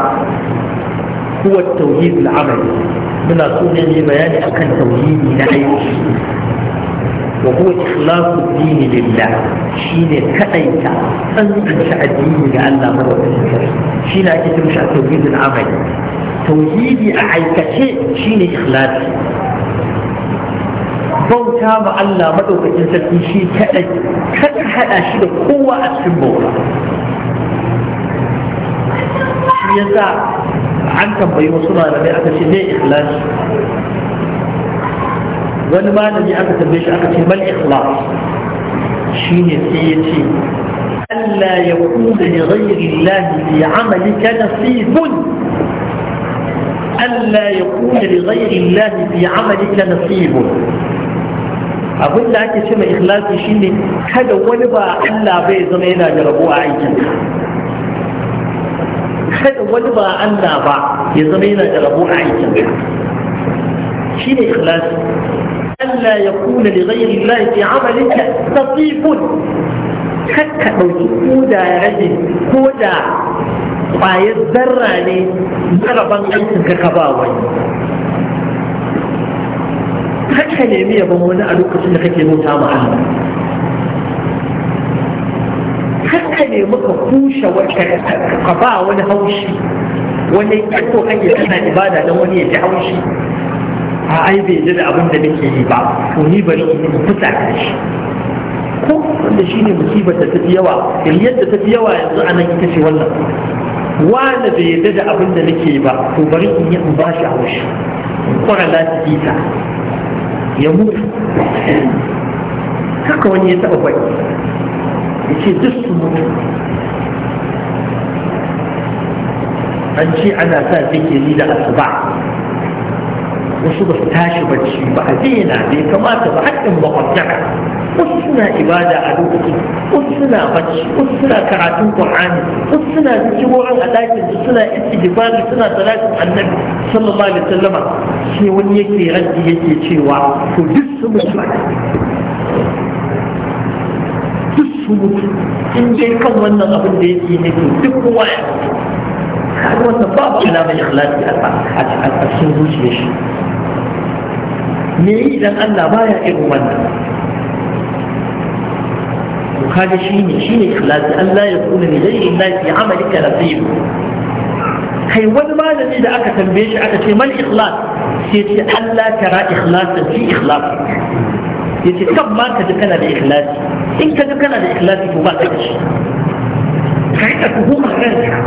huwa at-tauhid al-amali muna so ne bayani akan tauhidi na aiki wa huwa ikhlasu dini lillah shine kadaita tsantsanta addini ga Allah madaukakin sarki shine ake cewa shi tauhidul amali tauhidi a aikace shine ikhlasi bauta ba Allah madaukakin sarki shi kadai kada hada shi da kowa a cikin bauta shi yasa an tambayi wasu malamai aka ce ne ikhlasi wani malami aka tambaye shi aka ce mal ikhlas shine sai ya ce Allah ya kuma li ghayri Allah fi amali amalika nasibun Allah ya kuma li ghayri Allah fi amali amalika nasibun abin da ake cewa ikhlasi shine kada wani ba Allah bai zama yana da rabo a aikin kada wani ba Allah ba ya zama yana da rabo a aikin shine ikhlasi الا يكون لغير الله في عملك تطيب حتى لو يا رجل كودا قايد براني ضربا انت كباوي حتى نعمي يا بابا انا في انك تموت مع حتى نعمك كوشا وكباوي هوشي وانا يكتب حاجه اسمها عباده لو هي هوشي a ai bai ji da abin da nake yi ba to ni bari in yi fita ka shi ko wanda shi ne musibar da fi yawa kiryar da fi yawa yanzu nan ita ce wannan wanda bai yarda da abin da nake ba to bari in yi in ba shi haushi kwara lati ta ya mutu haka wani ya taba bai ya ce duk su mutu an ce ana sa zikiri da asuba wasu ba su tashi bacci ba a daina bai kamata ba haƙƙin makwabtaka wasu suna ibada a lokaci wasu suna bacci wasu suna karatun qur'ani wasu suna zikirorin a ɗakin su suna istighfari suna salatin annabi sallallahu alaihi wasallam sai wani yake raddi yake cewa to duk su mutu duk su mutu in dai kan wannan abin da yake ne to duk kowa ya هذا هو الصفاء إلى من إخلاص السنوش ليش me yi dan Allah baya irin wannan kaga shine shine ikhlasi Allah ya kula ne dai illa fi amalika nasib kai wani malami da aka tambaye shi aka ce mal ikhlas sai ce Allah tara ikhlasan fi ikhlas yace kan ma ka ji kana da ikhlasi in ka ji kana da ikhlasi to ba ka da shi kai ka tuhumar ranka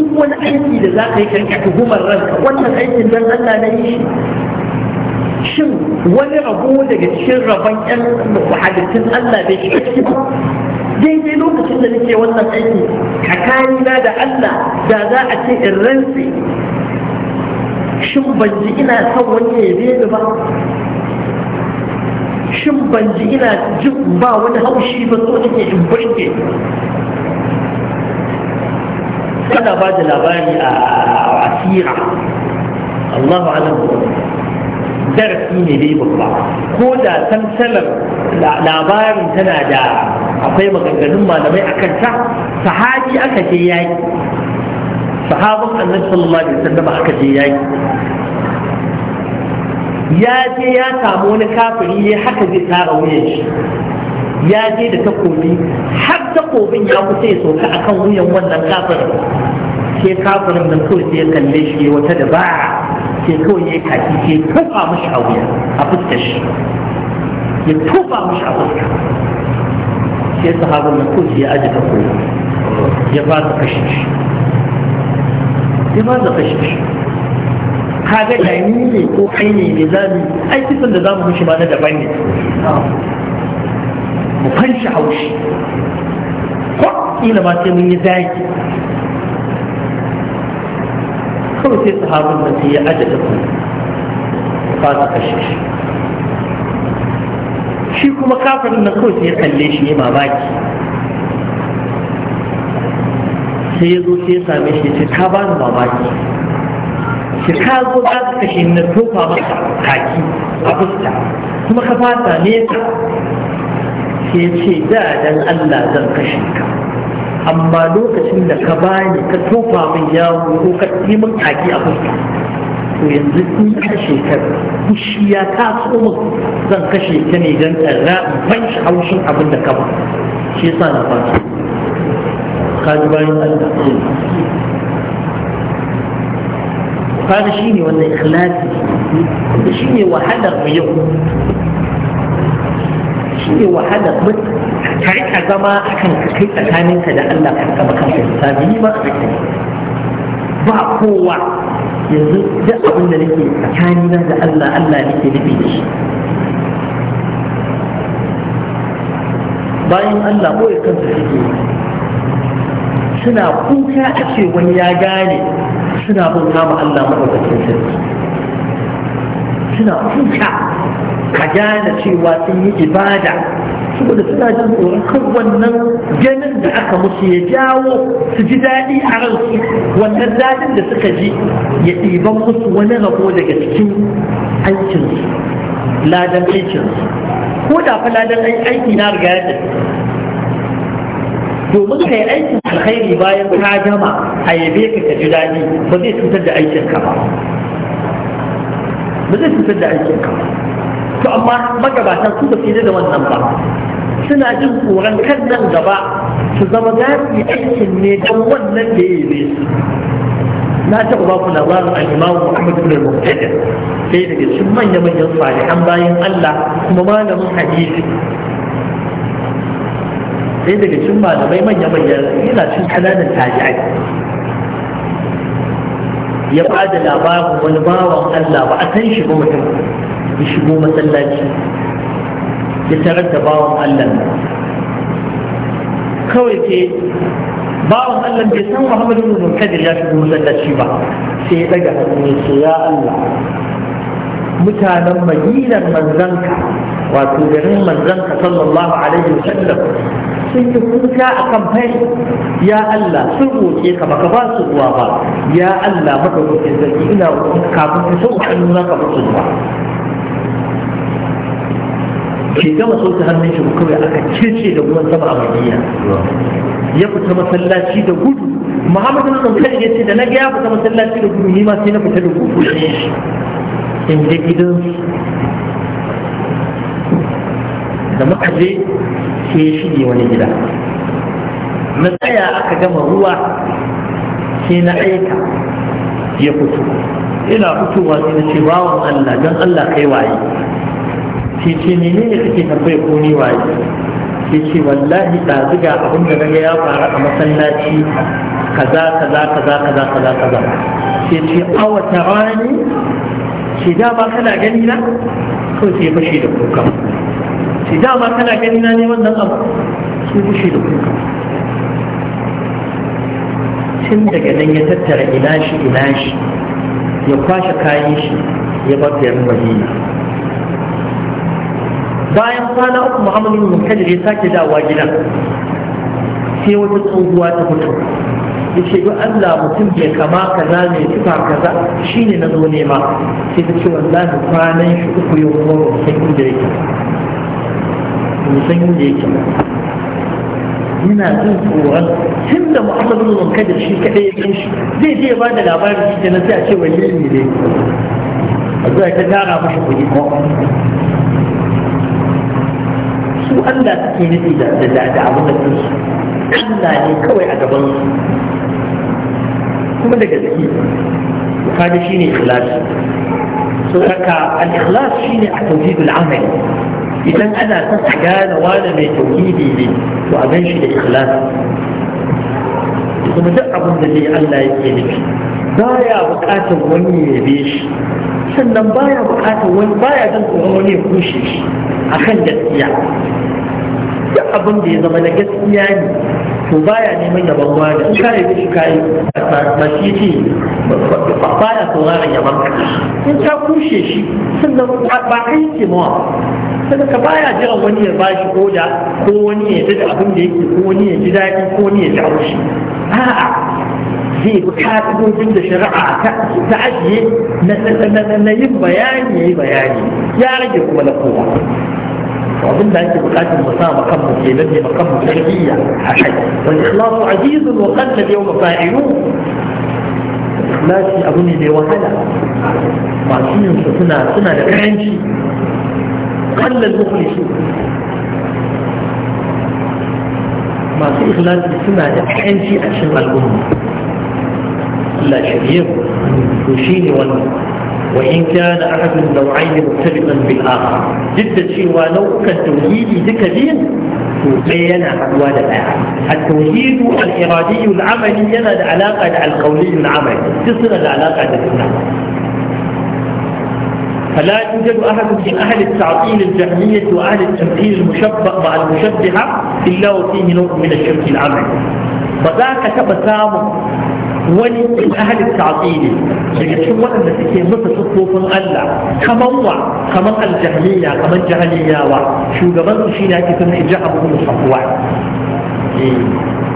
in wani aiki da za ka yi ka tuhumar ranka wannan aikin dan Allah ne shi shin wani rabo daga cikin rabon yan halittun Allah bai shiga ciki ba daidai lokacin da nake wannan aiki na da Allah da za a ce in rantsi? shin ban ji ina son wani ya ni ba shin ban ji ina jin ba wani haushi ba so nake in burge kana ba da labari a asira Allahu alam darasi ne dai babba ko da tantalar labarin tana da akwai maganganun malamai a kan ta sahabi aka je yaki sahabin annabi sallallahu alaihi wasallam aka je yaki ya je ya samu wani kafiri ya haka zai tara wuyan shi ya je da takobi har takobin ya kusa ya soka akan wuyan wannan kafirin sai kafirin nan kawai sai ya kalle shi wata dabara sai kawai ya kaki ke tofa mashi a wuya a fuskar shi ya tufa mashi a fuska sai sahabin na kuci ya aji kako ya ba su kashe shi ya ba su kashe shi kaga ya yi ne ko kai ne mai zami aiki sun da zamu mishi ba na daban ne mu fanshi haushi ko kila ma sai mun yi zaki kawai sai sahabin nan sai ya aje da ba su kashe shi shi kuma kafirin na kawai sai ya kalle shi ya mamaki sai ya zo sai ya same shi sai "Ka ba ni mamaki shi ka zo za ka kashe na tofa maka kaki a fuska kuma ka fata ne ka sai ce da dan Allah zan kashe ka amma lokacin da ka bani ka tofa min yawo ko ka yi min kaki a fuska to yanzu in kashe ka kushiya ta so min zan kashe ka ne don tsara ban shi haushin abin da ka ba shi yasa na fata ka ji bayan Allah kaga shi ne wannan ikhlasi da shi ne wahalar mu yau shi ne wahalar mutum ka rika zama a kan ka kai tsakaninka da Allah ka kama kanka da sami ba ba kowa yanzu duk abin da nake tsakanina da Allah Allah nake nufi da shi bayan Allah ya kanta suke suna kuka a ce wani ya gane suna bin kama Allah maɗaukakin sarki suna kuka ka gane cewa sun yi ibada saboda suna jin tsoron kan wannan ganin da aka musu ya jawo su ji daɗi a ransu wannan daɗin da suka ji ya ɗiban musu wani rabo daga cikin aikinsu ladan aikinsu ko da fa ladan aiki na riga ya domin ka yi aikin alkhairi bayan ka gama a yabe ka ka ji daɗi ba zai cutar da aikinka ba ba zai cutar da aikinka ba to amma magabatan su ba su da wannan ba suna jin tsoron kan nan gaba su zama za su yi aikin ne don wannan da ya yi su na taɓa ba ku labarin al'imamu Muhammad ibn Muqtada sai daga cikin manya-manyan salihan bayan Allah kuma malamin hadisi sai daga cikin malamai manya-manyan yana cikin kananan tajiyai ya ba da labarin wani bawan Allah ba a san shi ba mutum ya shigo masallaci ya tarar da bawan Allah kawai ke bawan Allah bai san Muhammad ibn Munkadir ya shigo masallaci ba sai ya daga hannu ya ce ya Allah mutanen madinar manzanka wato garin manzanka sallallahu alaihi wasallam sun yi kuka a kan fai ya Allah sun roƙe ka baka ba su ruwa ba ya Allah maka roƙe zargi ina kafin ka sauka nuna ka ba su ruwa ke gama sauke hannun shi kawai aka kirce da ruwan sama a madina ya fita masallaci da gudu muhammadu na tsankan ya ce da na ga ya fita masallaci da gudu ni ma sai na fita da gudu in je gidan da muka je sai ya shige wani gida na tsaya aka gama ruwa sai na aika ya fito ina fitowa sai na ce bawan Allah don Allah kai waye shi ce menene suke tambayi ko ni waye shi ce wallahi da zuga abin da naga ya faru a masallaci kaza kaza kaza kaza kaza kaza shi ce awa tarani da ba kana gani na ko sai fashe da kuka da ba kana gani na ne wannan abu sai fashe da kuka tun daga nan ya tattara ina shi ina shi ya kwashe kayan shi ya bar yan madina bayan kwana uku muhammadu bin mukadir ya sake dawowa gidan sai wata tsohuwa ta fito ya ce duk Allah mutum ke kama kaza mai tuka kaza shine na zo nema sai ta ce wallahi kwanan shi uku yau kuma ba san inda yake ba san inda yake yana jin tsoron tun da muhammadu bin mukadir shi kadai ya shi zai je ya ba da labarin shi kenan sai a ce wani ne ne a zuwa ta tara mashi kuɗi su Allah suke nufi da da abin da su Allah ne kawai a gaban su kuma da gaske kaga shine ikhlas so haka al-ikhlas shine a tawhidul amali idan ana son a gane wani mai tauhidi ne to a ganshi da ikhlas kuma duk abin da zai Allah yake nufi ya bukatar wani ya yabe shi sannan ba ya bukatar wani ba ya zan tsoron wani ya kushe shi akan gaskiya duk abin da ya zama na gaskiya ne to baya neman yaban da in kare da shi kayi ba shi ce baya sauraron yaban ka in ka kushe shi sannan ba kai ke mawa sannan ka baya jiran wani ya ba shi koda ko wani ya ji da abin da yake ko wani ya ji daɗi ko wani ya ji haushi a'a zai bi ka'idojin da shari'a ta ajiye na yin bayani ya yi bayani ya rage kuma na kowa ومن ذلك بقات المساء مقام مسلمين مقام مسلمية أحد والإخلاص عزيز وقل اليوم فاعلون إخلاصي أبني لي وهلا ما سنين سنة سنة لكعنشي قل المخلصون ما في إخلاصي سنة لكعنشي أشغل الأمة لا شريف وشيني والمخلص وإن كان أحد النوعين مختلفا بالآخر جدا شيء ولو كان ذكر ذكرين بين أقوال التوحيد الإرادي العملي لنا العلاقة القولي العملي تصل العلاقة الإسلام فلا يوجد أحد من أهل التعطيل الجهمية وأهل التمثيل المشبه مع المشبهة إلا وفيه نوع من الشرك العملي فذاك تبسامه wani in ahalin ta'atili daga cikin waɗanda suke masa sufofin Allah kamar wa kamar aljahmiya kamar jahiliyawa shugaban su shine ake eh, kuma ja'abu bin safwa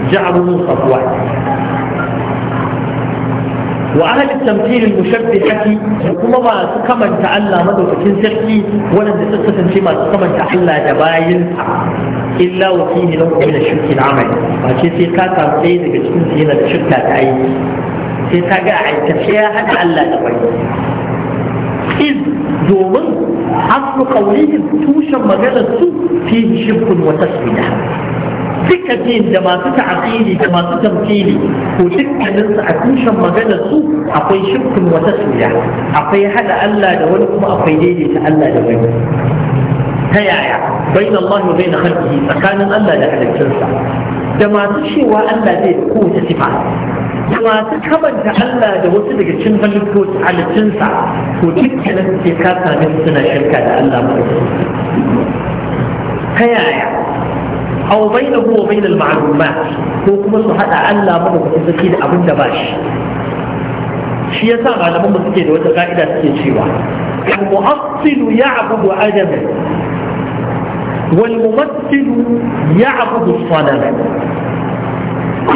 ja'abu bin safwa وأهل masu المشبهة Allah ما كمن تعلى مدوكين سرقي ولم تستثن Allah da تعلى illa wa fihi lahu min ash-shirki al-amali ba ce sai ka samu ɗaya daga cikin su da shirka ta aiki sai ka ga a aikace ya haɗa Allah da wani iz domin aslu qawlihim tushen maganar su fihi shirkun wa tasbiya duka da masu ta'aqili da masu tamthili ko dukkanin su a tushen maganar su akwai shirkun wa tasbiya akwai hada Allah da wani kuma akwai daidaita Allah da wani ta yaya bayin Allah ne bayin khalqihi tsakanin Allah da halittunsa da masu cewa Allah zai da kowace sifa da masu kamanta Allah da wasu daga cikin halittoci halittunsa to dukkanin sai ka same su suna shirka da Allah mu ta yaya أو بينه وبين المعلومات ko kuma su haɗa Allah madaukakin sarki da abin da ba shi shi ya sa malaman ba suke da wata ka'ida suke cewa al-mu'assilu ya'budu adam والممثل يعبد الصنم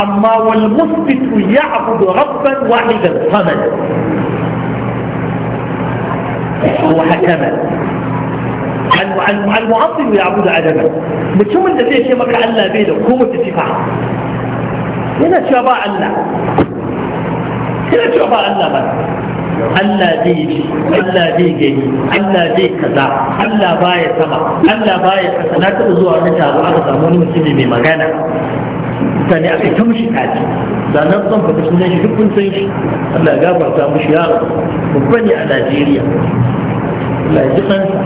اما والمثبت يعبد ربا واحدا صمد هو حكما المعطل يعبد عدما بتشوف انت في شيء ما كان الله بيده هو متفق هنا شباب الله هنا شباب الله بس Allah zai ji Allah zai gani Allah zai kaza Allah baya sama Allah baya kasa na taɓa zuwa wani taro aka samu wani mutum mai magana mutane aka ta mushi kaji sannan son fata sunan shi duk kun san shi Allah ya gafarta mushi yaro babba ne a Najeriya Allah ya ji kansa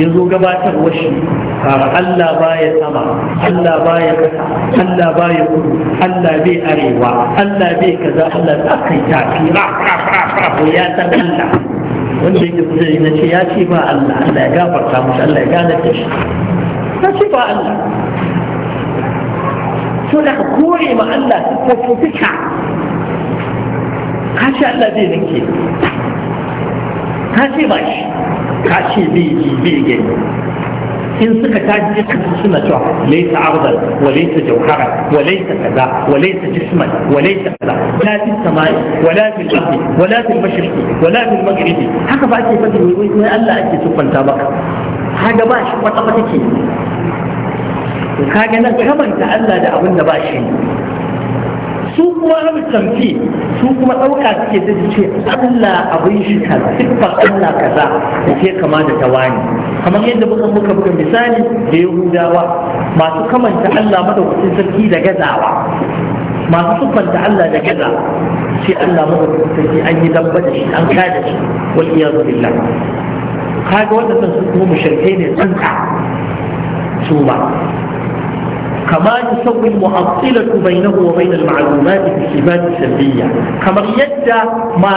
ya zo gabatar shi Allah baya sama Allah baya kasa Allah baya kudu Allah bai arewa Allah bai kaza Allah ta kai tafi ra ya san Allah wanda yake kusa na ce ya ce ba Allah Allah ya gafarta masa Allah ya gane ta shi ya ce ba Allah so da ka kore ma Allah ta fuka ka ce Allah zai ninke ka ce ba shi ka ce bai yi bai gani in suka tashi duka suna cewa laisa arzal wa laisa jauhara wa laisa kaza wa laisa jisman wa laisa kaza la fi samai wa la fi ardi wa la fi mashriqi wa la fi maghribi haka ba ake fadi wai wai Allah ake tukunta maka haka ba shi kwata kwata ke kaga nan kamanta Allah da abin da ba shi su kuma abu tamfi su kuma ɗauka suke da ce Allah abin shi ka siffar Allah kaza da ke kama da tawani kamar yadda muka muka buga misali da Yahudawa masu kamanta Allah madaukakin sarki da gazawa masu siffanta Allah da gaza sai Allah madaukakin sarki an yi damba da shi an kada shi wal iyadu billah kaga wannan sun kuma mushrikai ne tsantsa su ba كما يسوي المعطلة بينه وبين المعلومات في الصفات السلبية كما يدى ما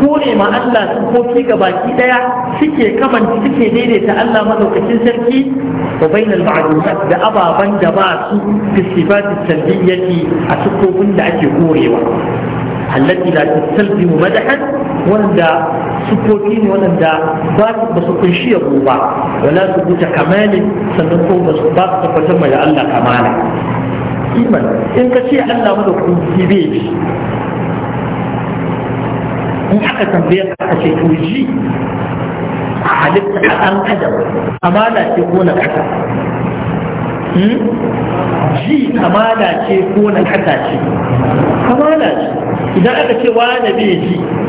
كوني ما ألا تنقو فيك باكي ديا سكي كمن سكي ديدي تألا مدوك تنسلكي وبين المعلومات بأبا بند باسو في الصفات السلبية أسكو بند أتي كوري التي لا تستلزم مدحا wanda sufofi ne wanda ba su kunshi yabo ba wala su buta kamali sannan ko ba su ba su tabbatar mai Allah kamala iman in ka ce Allah mu da kunci bai ji in aka tambaye ka aka ce to ji a halitta ɗan adam kamala ce ko na kasa hmm? ji kamala ce ko na kasa ce kamala ce idan aka ce wa da bai ji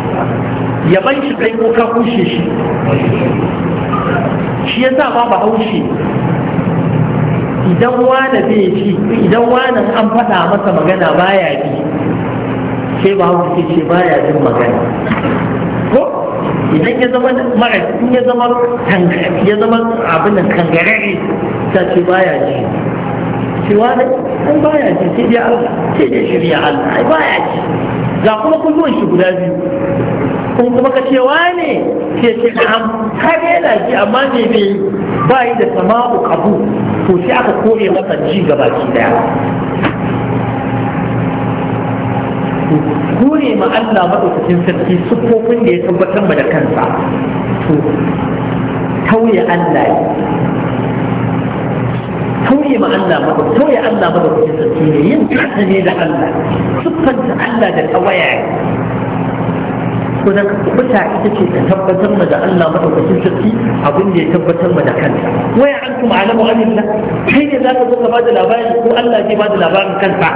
yaban shi kai ko ka kushe shi shi ya sa ba haushe idan wane zai ci idan wane an faɗa masa magana baya ji sai ba haushe ce baya jin magana ko idan ya zama mara in ya zama ya zama abin da kangarare ta ce baya ji shi wane an baya ji sai dai Allah sai dai shirya Allah ai baya ji ga kuma kunnuwan shi guda biyu kun kuma ka ce wane ke ce am ka yana ji amma ne bai ba yi da sama'u kabu to sai aka kore masa ji gabaki daya Kure ma Allah maɗaukakin sarki siffofin da ya tabbatar ma da kansa to tauye Allah tauye ma Allah maka tauye Allah maka kuce sarki ne yin kasa ne da Allah siffanta Allah da tawaya ko da kubuta ita ce ta tabbatar ma da Allah maka kuce sarki abin da ya tabbatar ma da kanta waya an kuma alamu alillah kai ne zaka zo ka bada labari ko Allah zai bada labarin kansa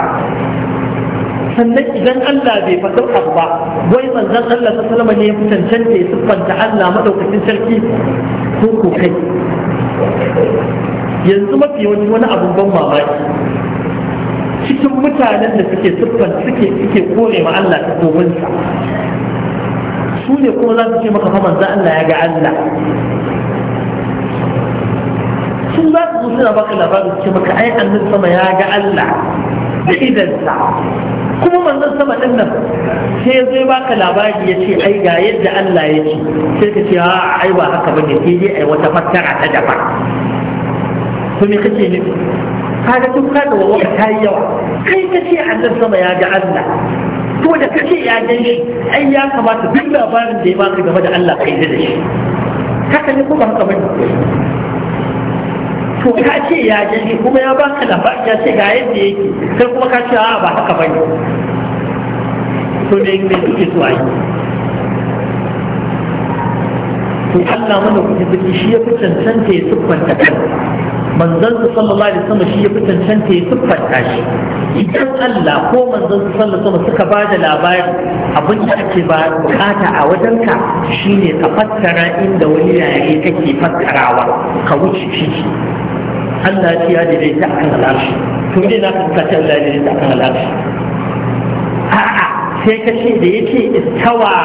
sannan idan Allah bai faɗi abu ba wai manzon Allah ta salama ne ya fi cancanta ya siffanta Allah madaukakin sarki ko ko kai yanzu mafi yawanci wani abin ban mamaki cikin mutanen da suke siffar suke suke kore ma Allah ta kominsa su ne kuma za su ce maka fa manzo Allah ya ga Allah sun za su suna baka labarin ce maka ai annin sama ya ga Allah da sa kuma manzon sama din nan sai zai baka labari ya ce ai ga yadda Allah ya ce sai ka ce a ai ba haka bane sai dai ai wata fassara ta dafa to me kake nufi kaga duk ka da wawa ta yi yawa kai kace annabi sama ya ga Allah Ko da kace ya gan shi ai ya kamata duk labarin da ya baka game da Allah kai da shi haka ne kuma haka bane to ka ce ya gan shi kuma ya baka labari ya ce ga yadda yake kai kuma ka ce a ba haka bane to ne ne kike so ai to Allah mana kuke biki shi ya fi cancanta ya siffanta kansa manzon sallallahu alaihi wasallam shi ya fi cancanta ya siffanta shi idan Allah ko manzon sallallahu alaihi wasallam suka ba da labari abin da ake ba bukata a wajenka shine ka fassara inda wani yare kake fassarawa ka wuce shi Allah ya daidaita akan al'arshi to ne na fuskanta Allah ya daidaita akan al'arshi a'a sai ka ce da yake istawa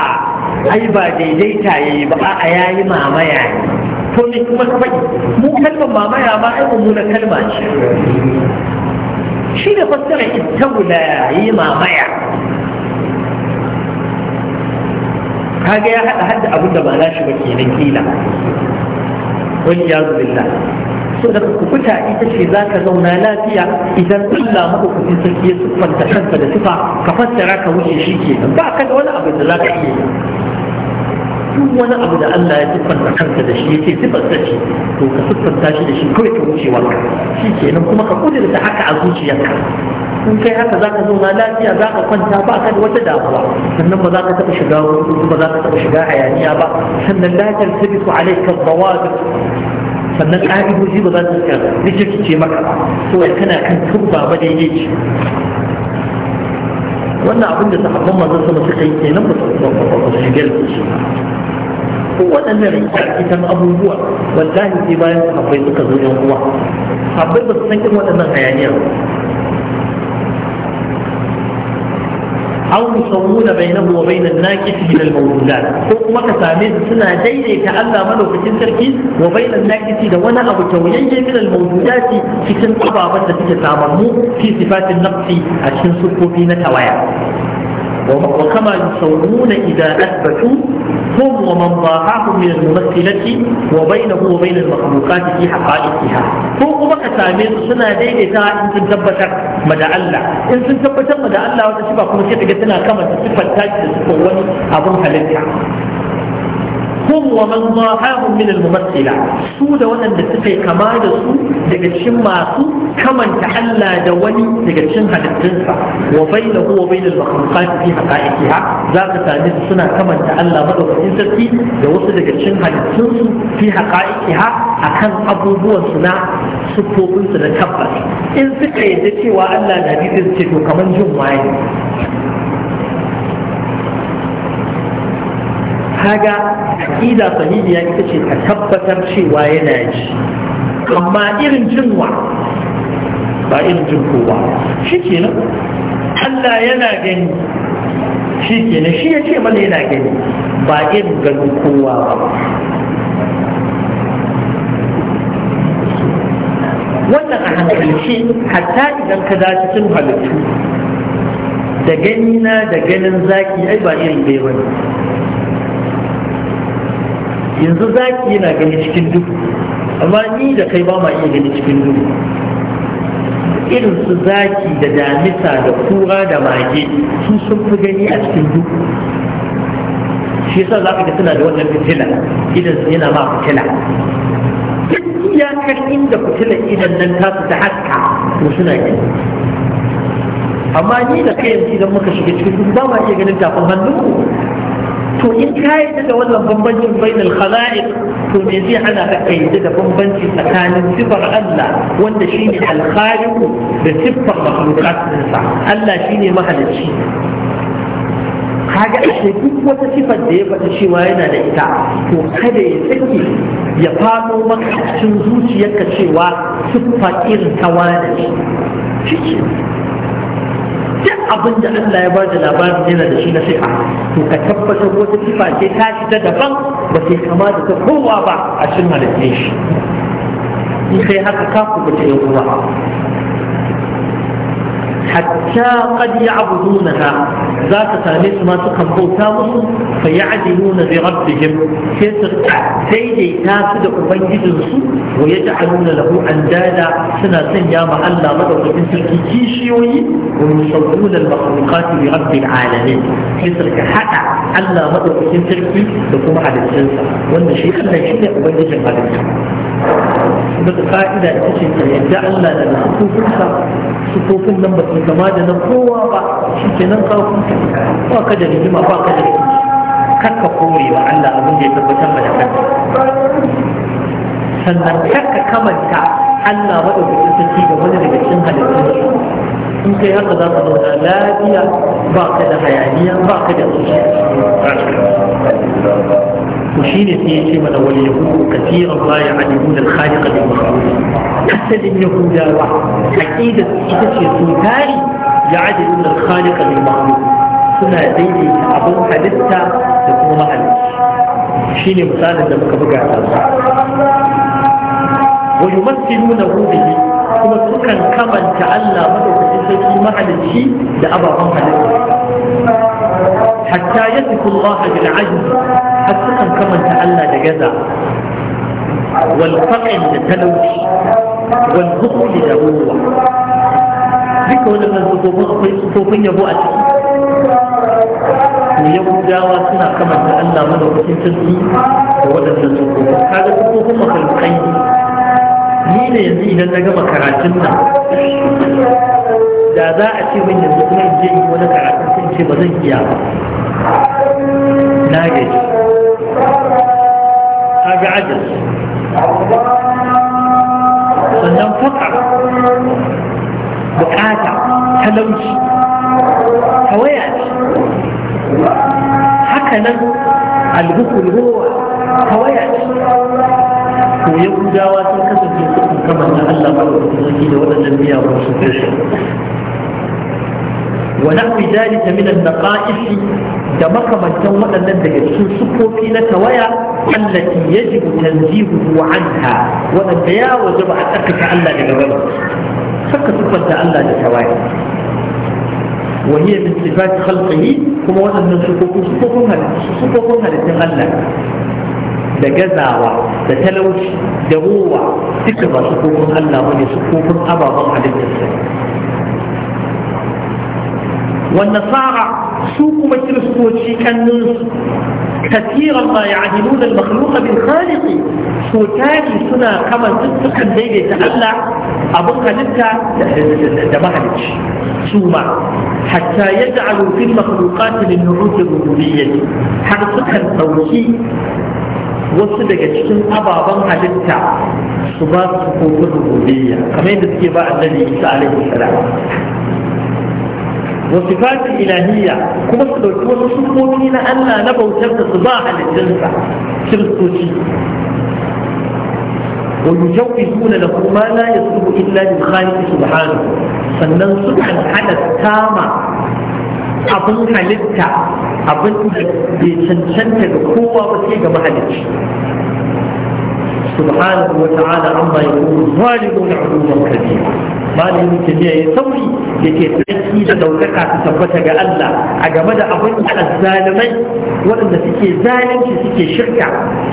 ai ba daidaita yayi ba a'a yayi mamaya ne to ne kuma ka faɗi mu kalmar mamaya ma ai na kalma ce shi ne fassara ita guda yi mamaya kaga ya haɗa hadda abin da ba na shi ba ke na kila wani ya da so da kukuta ita ce za ka zauna lafiya idan Allah maɗaukakin sarki ya siffanta kanka da sifa ka fassara ka wuce shi ke ba ka da wani abu da za ka iya yi. duk wani abu da Allah ya siffanta kanka da shi ya ce siffanta shi to ka siffanta shi da shi kawai ka wuce wanka shi nan kuma ka da haka a zuciyarka in kai haka za ka zauna lafiya za ka kwanta ba ka da wata damuwa sannan ba za ka taɓa shiga wani ba za ka taɓa shiga hayaniya ba sannan la taltabisu alayka dawabit sannan ƙa'idoji ba za su ka rikice maka ba saboda kana kan turba ba daidai ce wannan abin da sahabban manzon sama suka yi kenan ba su shigar da shi to waɗannan ita'an abubuwa wallahi sai bayan sahabbai suka zo yan uwa sahabbai ba su san irin waɗannan hayaniyar aw musammu da bainahu wa bainan naqis min al mawjudat ko kuma ka same su suna daidaita Allah madaukakin sarki wa bainan naqis da wani abu tawayyaje min al mawjudat cikin ababan da suke samun mu fi sifatin nafsi a cikin sukofi na tawaya wa kama yusawmuna idza athbatu هم ومن ضاهاهم من الممثلة وبينه وبين المخلوقات في حقائقها ko kuma ka same su suna daidaita in sun tabbatar ma da Allah in sun tabbatar ma da Allah wata sifa kuma sai daga tana sifar da wani abun halitta hum wa man zahahum min al-mumathila su da waɗanda suka kama da su daga cikin masu kamanta Allah da wani daga cikin halittunsa wa bainahu wa bainal makhluqat fi haqa'iqiha za ka same suna kamanta Allah madaukakin sarki da wasu daga cikin halittunsu fi haqa'iqiha akan abubuwan su na sufofin na tabbas in suka yadda cewa Allah na to kaman jin kaga aqida sahihiya ita ce ka tabbatar cewa yana ji amma irin jinwa ba irin jin kowa shi nan Allah yana gani shi nan shi ya ce mana yana gani ba irin ganin kowa ba wannan a shi hatta idan ka dace cin halittu da gani na da ganin zaki ai ba irin bai wani yanzu zaki yana gani cikin duhu amma ni da kai ba ma iya gani cikin duhu irin su zaki da damisa da kura da mage su sun fi gani a cikin duhu shi yasa za ka ga suna da wannan fitila idan yana ma fitila duk iyakar inda fitilar idan nan tasu ta haska to suna gani amma ni da kai idan muka shiga cikin duhu ba ma iya ganin tafin hannu? to in ka yi da wannan bambancin bainal khala'iq to me zai hana ka kai da bambanci tsakanin sifar Allah wanda shine al-khaliq da sifar makhluqat sa Allah shine mahalicci kaga ashe duk wata sifar da ya faɗi cewa yana da ita to kada ya sake ya famo maka cikin zuciyarka cewa siffa irin ta wani shi abin da Allah ya ba da labarin yana da shi na sifa to ka tabbatar wata sifa ce ta shi ta daban ba sai kama da ta kowa ba a cikin halittar shi in kai haka ka kubuta yan uwa حتى قد يعبدونها ذات ثالث ما تقبل تامس فيعدلون بربهم سيدي تاسد أبنجد ويجعلون له أندادا سنة سنيا مع الله مدعو من سلك كيشيوي ويصلون المخلوقات لرب العالمين يسرك حتى ألا مدعو من سلك لكم على السلسة وأن شيء الله شيء أبنجد على السلسة إذا تشيك يدعى لنا سكوفنسا سكوفن نمبر bai kama da na kowa ba shi ke nan ka ba ka da rigima ba ka da rigima kakka kore wa Allah abin da ya tabbatar da kai sannan kakka kamanta Allah madaukakin sarki da wani daga cikin halittun shi in kai haka za ka zauna lafiya ba ka da hayaniya ba ka da zuciya to shi ne sai ya ce mana wani yahudu kasiran ma ya an yahudan khaliqa da makhluq asalin yahudawa aqida ita ce su tari ya adilun khaliqa da makhluq suna daidaita abin halitta da kuma mahalicci shi ne misalin da muka buga a wa yumassiluna bihi kuma sukan kamanta Allah madaukakin sarki mahalicci da ababen halitta hatta yasifu Allah bil ajz har sukan kamanta Allah da gaza wal faqin da talauci wal bukhl da ruwa duka wannan sufofin akwai sufofin yabo a ciki yahudawa suna kamanta Allah mana wakil sarki da waɗannan sufofin kaga sufofin mafarkai ni ne yanzu idan na gama karatun nan da za a ce min yanzu kuma in je yi wani karatun sun ce ba zan iya ba na gaji ka ga ajin sannan faka bukata talauci tawaya ce haka nan alhukul ruwa tawaya ce to yahudawa sun kasance su kamar da allah ba da waɗannan miyagun su kashe wa nahwi dalika min an-naqa'is da makamantan waɗannan daga cikin sufofi na tawaya allati yajibu tanzihuhu anha waɗanda ya wajaba a tsakaka Allah daga wani saka sufanta Allah da وهي من صفات خلقه كما وانا من صفوفهم صفوفهم صفوفهم الله da gazawa da talauci da ruwa duka ba sufofin Allah bane sufofin ababen halittarsa والنصارى سوق كريستوتشي كنوز كثيرا ما يعهدون المخلوق بالخالق سوتاني سنة كما تتقى الليل يتألع أبوك لك دمهج سوما حتى يجعلوا في المخلوقات للنعوت الربوبية حرصتها التوشي wasu daga cikin ababen halitta su ba الربوبية كما rububiyya kamar yadda suke ba annabi Allah na bautar da su ba نبو Kiristoci. صباحا للجنسة suna ويجوزون kuma ما لا يصلح إلا للخالق Subhanahu, sannan kan halatta ma abin halitta abin da bai cancanta ga kowa ba sai ga mahalicci subhanahu ta'ala amma yakunu zalimuna 'uluwan malamin kimiyya ya sauri yake tsarki da daukaka su tabbata ga Allah a game da abin da azzalimai waɗanda suke zalunci suke shirka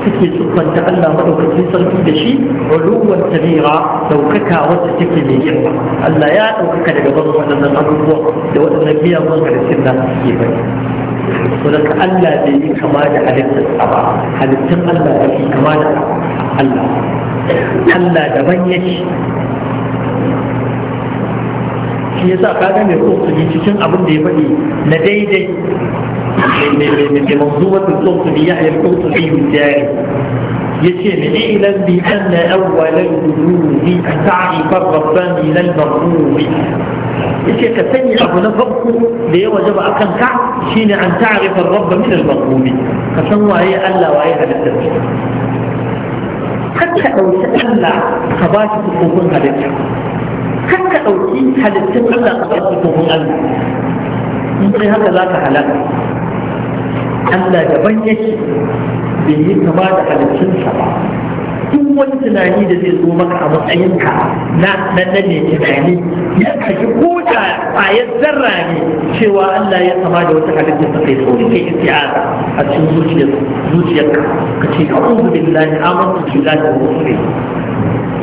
suke tsubbanta Allah madaukakin sarki da shi uluwan kabira daukaka wacce take mai girma Allah ya daukaka daga barin waɗannan abubuwa da waɗannan biyan wanka da suke bari saboda Allah bai yi kama da halittar ba halittar Allah bai yi kama da Allah Allah daban yake shi ya sa kaga mai ruhu cikin abin da ya faɗi na daidai da mazuwa da ruhu su biya ya ruhu su biyu jari ya ce ne ne ilan bi kan na awwalar ruhuri a sa'ari babban ilan babburi ya ce ka sani abu na farko da ya wajaba a kan ka shi ne an ta'arifa rabba min al ka san waye Allah waye halitta shi kar ka dauki Allah ka ba shi hukumin halitta kan ka ɗauki halittun Allah ka ɗauki tsohon Allah in kai haka za ka halaka Allah daban yake bai yi kama da halittunsa ba duk wani tunani da zai zo maka a matsayinka na nan ne tunani ya kashi ko da ayat zarra ne cewa Allah ya kama da wata halitta ta kai tsoro kai istiaza a cikin zuciyar zuciyarka ka ce a'udhu billahi amantu billahi wa rusulihi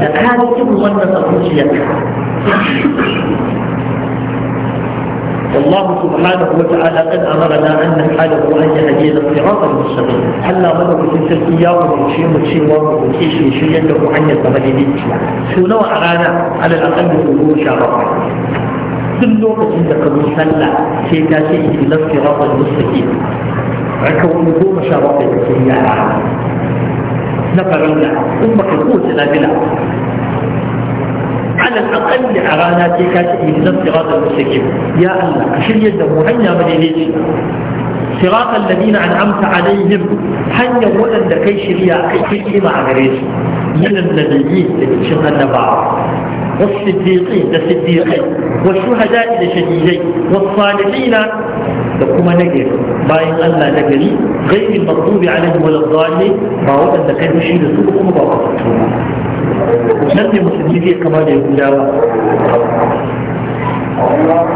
da ka cikin wannan zuciyarka والله سبحانه وتعالى قد أمرنا أن نفعله أن يهدينا الصراط المستقيم ألا مره في سلسية ومشي مشي ومشي شي شي يده عن يتمنيني سنو أرانا على الأقل سنو شعره كل وقت عندك مسلى في كاسيه إلى الصراط المستقيم عكو نقوم شرطة في نفرنا أمك قوت بلا على الأقل أرانا تيكات إلى صراط المستقيم يا الله أشر يده هيا من إليك صراط الذين أنعمت عليهم هيا ولن لكي شريع كي مع غريش من النبيين لكي النبع والصديقين للصديقين والشهداء لشهيدين والصالحين لكما نجر باين الله نجري غير المطلوب عليهم ولا الظالمين ما وقت كان يشيل سوقهم وما nan ne musulmi zai kama da yahudawa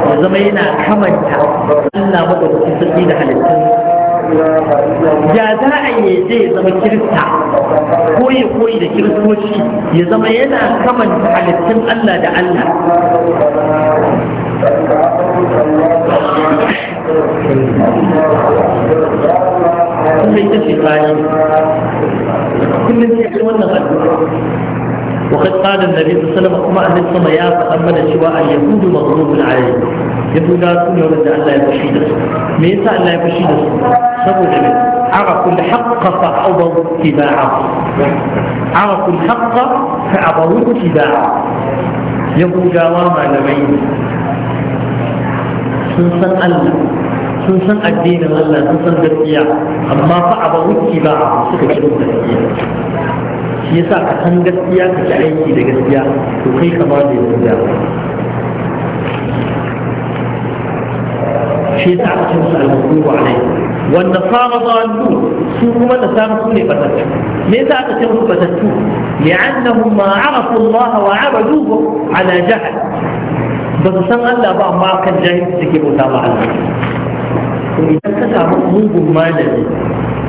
ya zama yana kamanta Allah madaukakin sarki da halittun ya za a yi zai zama kirista koyi koyi da kiristoci ya zama yana kamanta halittun Allah da Allah kuma ita ce bayan kullum sai wannan addu'a وقد قال النبي صلى الله عليه وسلم كما أن السماء تأمل سوى اليهود مغلوب لا يهودا يوم يولد الله يبشي نفسه من يسا الله يبشي نفسه سبو جميل عرفوا الحق فعبوا اتباعه عرفوا الحق فعبوا اتباعه يهودا وما لمين سنسن الله sun san addinin Allah sun san gaskiya amma fa abawu ba shi yasa a san gaskiya ka ci aiki da gaskiya to kai ka ba da yahuda shi yasa a cikin sallallahu alaihi wanda fara zalu su kuma da samu su ne batattu me yasa aka ce musu batattu li'annahum ma arafu Allah wa abaduhu ala jahal ba su san Allah ba amma kan jahil suke bauta ba Allah to idan ka samu mugun malami ya kama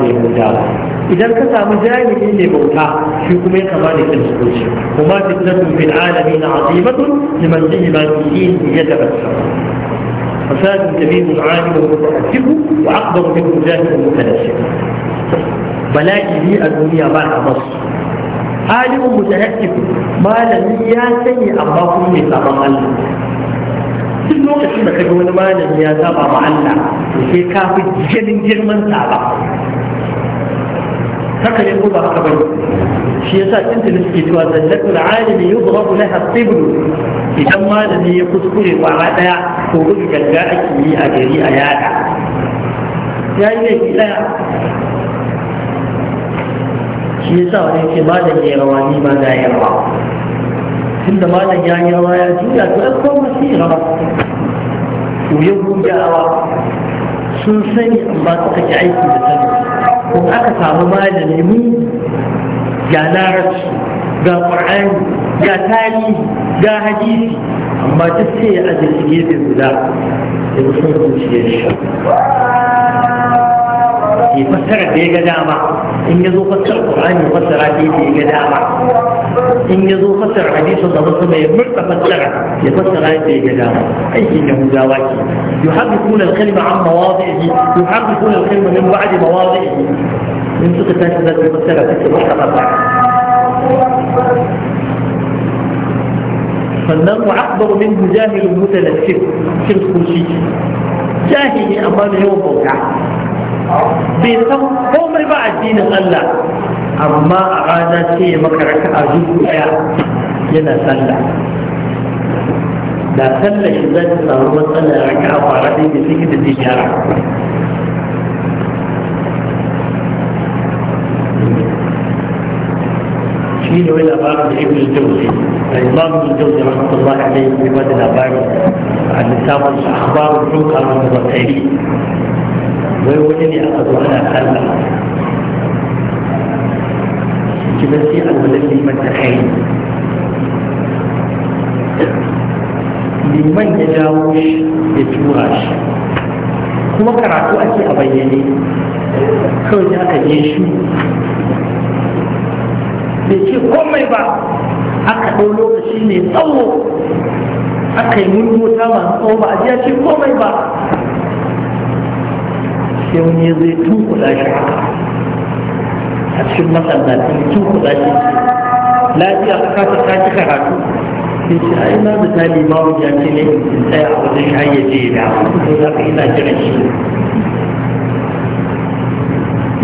da ya bauta ba idan ka samu jahili ne bauta shi kuma ya kama da kiristoci kuma fitnatun fil alamin azimatun liman zihima fi dinihi yatabassam فساد كبير عالم متحجب واكبر منه جاهل متنشئ bala'i ne a duniya ba a masu alimin mutanakif malami ya sani amma kuma mai sabon Allah duk lokacin da kaga wani malami ya saba ma Allah sai ka fi ganin girman sa ba haka ne ko ba haka ba shi yasa tun da suke cewa zallatul alimi yudrabu laha tiblu idan malami ya kuskure kwara daya to gudu ganga ake yi a gari a yada ya yi laifi daya shi yasa wani ke malami ya rawani ma na yarwa tun da malam ya yi rawa ya juya to ɗan kwan masu yi rawa to ya sun sani amma suka ki aiki da sani ko aka samu malami mu ga larabci ga ƙwar'ani ga tarihi ga hadisi amma duk sai ya ajiye gefe guda da mutum zuciyar shi ke fassara da ya ga dama in ya zo fassara ƙwar'ani fassara da ya ga dama in ya zo fasar hadisin da wasu mai murka fassara ya fassara yadda ya gada aikin yahudawa ke yuharrifun al-kalima an mawadi'i yuharrifun al-kalima min ba'di mawadi'i in suka tashi za su fassara suke murka fassara sannan wa akbar min jahilun mutanaffir kirkushi jahili amma da yawan bauta bai san komai ba addinin Allah amma a rana ce ya maka raka a dubu ɗaya yana sallah da sallah shi za ta samu matsalar raka a fara ɗaya da suke da shi ne wani labarin da ibn jauzi الإمام ابن الجوزي رحمة الله عليه في مدى الأباني عن كتاب أخبار الحكم المتوكلين ويقول لي أخذ على خلق kinan sai alwalar liman ta kai liman ya jawo shi ya tura shi kuma karatu ake a bayyane kawai da aka je shi bai ce komai ba aka ɗau lokaci mai tsawo aka yi mulmuta masu tsawo ba a ya ce komai ba sai wani ya zai tunkuɗa shi haka a cikin masallaci tun kuɗa shi lafiya ka ta tashi karatu sai ce ai na da tali mawu ya ce ne in tsaya a wajen shi hayyace ya dawo ko za ka ina jiran shi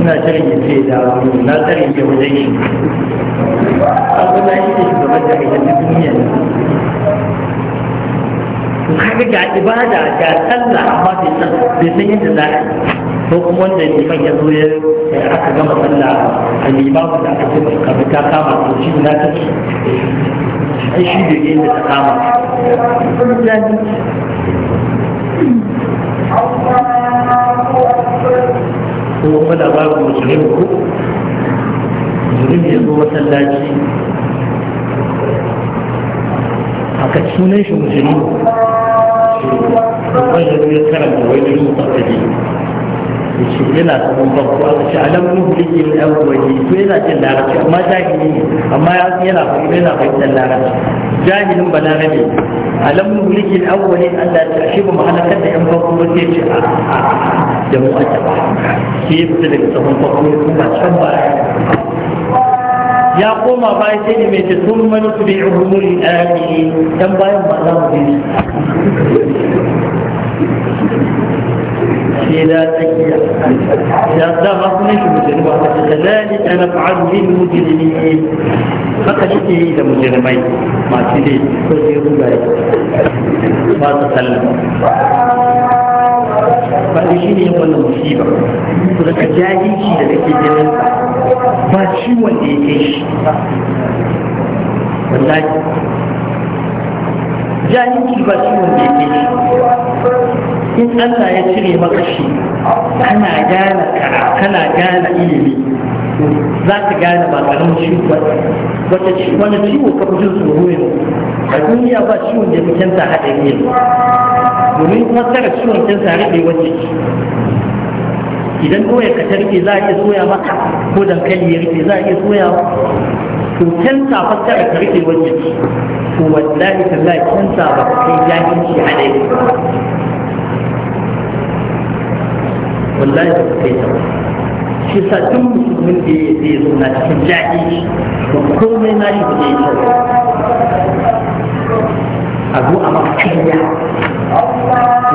ina jiran ya ce ya dawo na tsare ya wajen shi abu na shi ne shugaban da ita ta duniya to kaga ga ibada ga sallah amma bai san yadda za a yi ko kuma wanda liman ya zo ya aka gama sallah a limamu da aka ce kamar kama to shi na ta ci. ai shi da ta kama ko kuma da babu musulmi ko musulmi ya zo masallaci aka sunan shi musulmi wanda ya karanta wani mutattali ce yana saman farko aka ce alam muhlikin awwali to yana jin larabci amma jahili ne amma yana yana fahimtar larabci jahilin balarabe alam muhlikin awwali Allah ta shi ba mahalakar da yan farko ba sai ce da mu a taba shi ya fita daga saman farko ya kuma can ba ya koma baya sai da mai tun mani su da ihumul dan bayan ba za mu bi إلى تكية يغضبني في المجرمين كذلك نفعل للمجرمين فقد إيه إلى مجرمين ما تدري كثير ما تسلم ba shi ne wannan musiba to daga jahilci da kake ganin ba ciwon da ya kai shi wallahi jahilci ba ciwon da ya kai shi in Allah ya cire maka shi kana gane kana gane ilimi za ka gane ba karamin ciwo wata wani ciwo ka fi jin tsoro a duniya ba ciwon da ya fi kyanta haɗari ne domin fassara ciwon kyanta haɗari wacce idan doya ka tarbe za a iya soya maka ko dankali ya rufe za a iya soya to kyanta fassara ka rufe wacce to wallahi tallahi kyanta ba kai jahilci haɗari wallahi ba kai ta shi sa duk musulmin da zai zauna cikin jaɗi ba komai na yi ba ya yi a a maka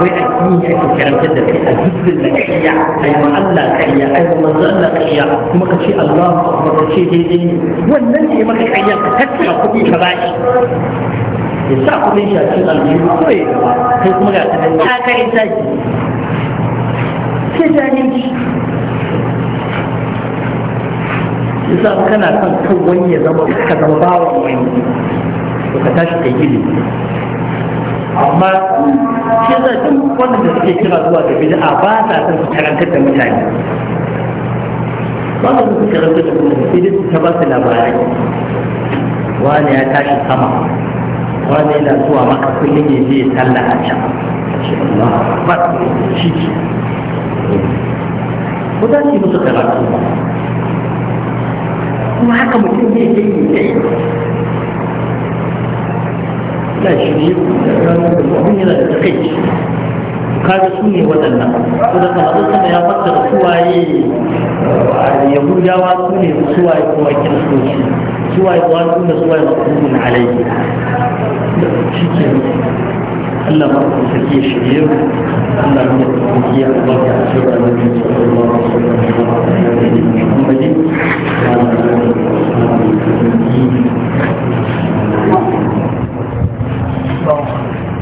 wai a yi shi ka karanta da kai a zubin da kariya a yi Allah kariya a yi manzo Allah kariya kuma ka ce Allah ba ka ce daidai ne wannan ne maka kariya ka tattara kuɗi ka bashi ya sa kuɗin shi a aljihu kawai kai kuma ga ta ta kai zaki sai jahilci yasa kana son kan wani ya zama ka zama bawa wani to ka tashi kai gini amma shi yasa duk wanda da suke kira zuwa ga bid'a ba sa son su karantar da mutane ba su su karantar da mutane sai dai ta ba su labarai wani ya tashi sama wani yana zuwa maka kullum ya je tsalla a can shi Allah ba shi ko za su musu karatu ba kuma haka mutum zai je yi ne ya shirye abin yana da takaici kaga su ne waɗannan ko da kamar sama ya fata da suwaye eh, yahudawa su ne suwaye kuma kiristoci suwaye kuwa su ne suwaye makulun alayhi shi ke Allah ma ku sake shirye أن المسيح الله أشهد أن النبي صلى الله عليه وسلم على نبينا محمد وعلى آله وصحبه أجمعين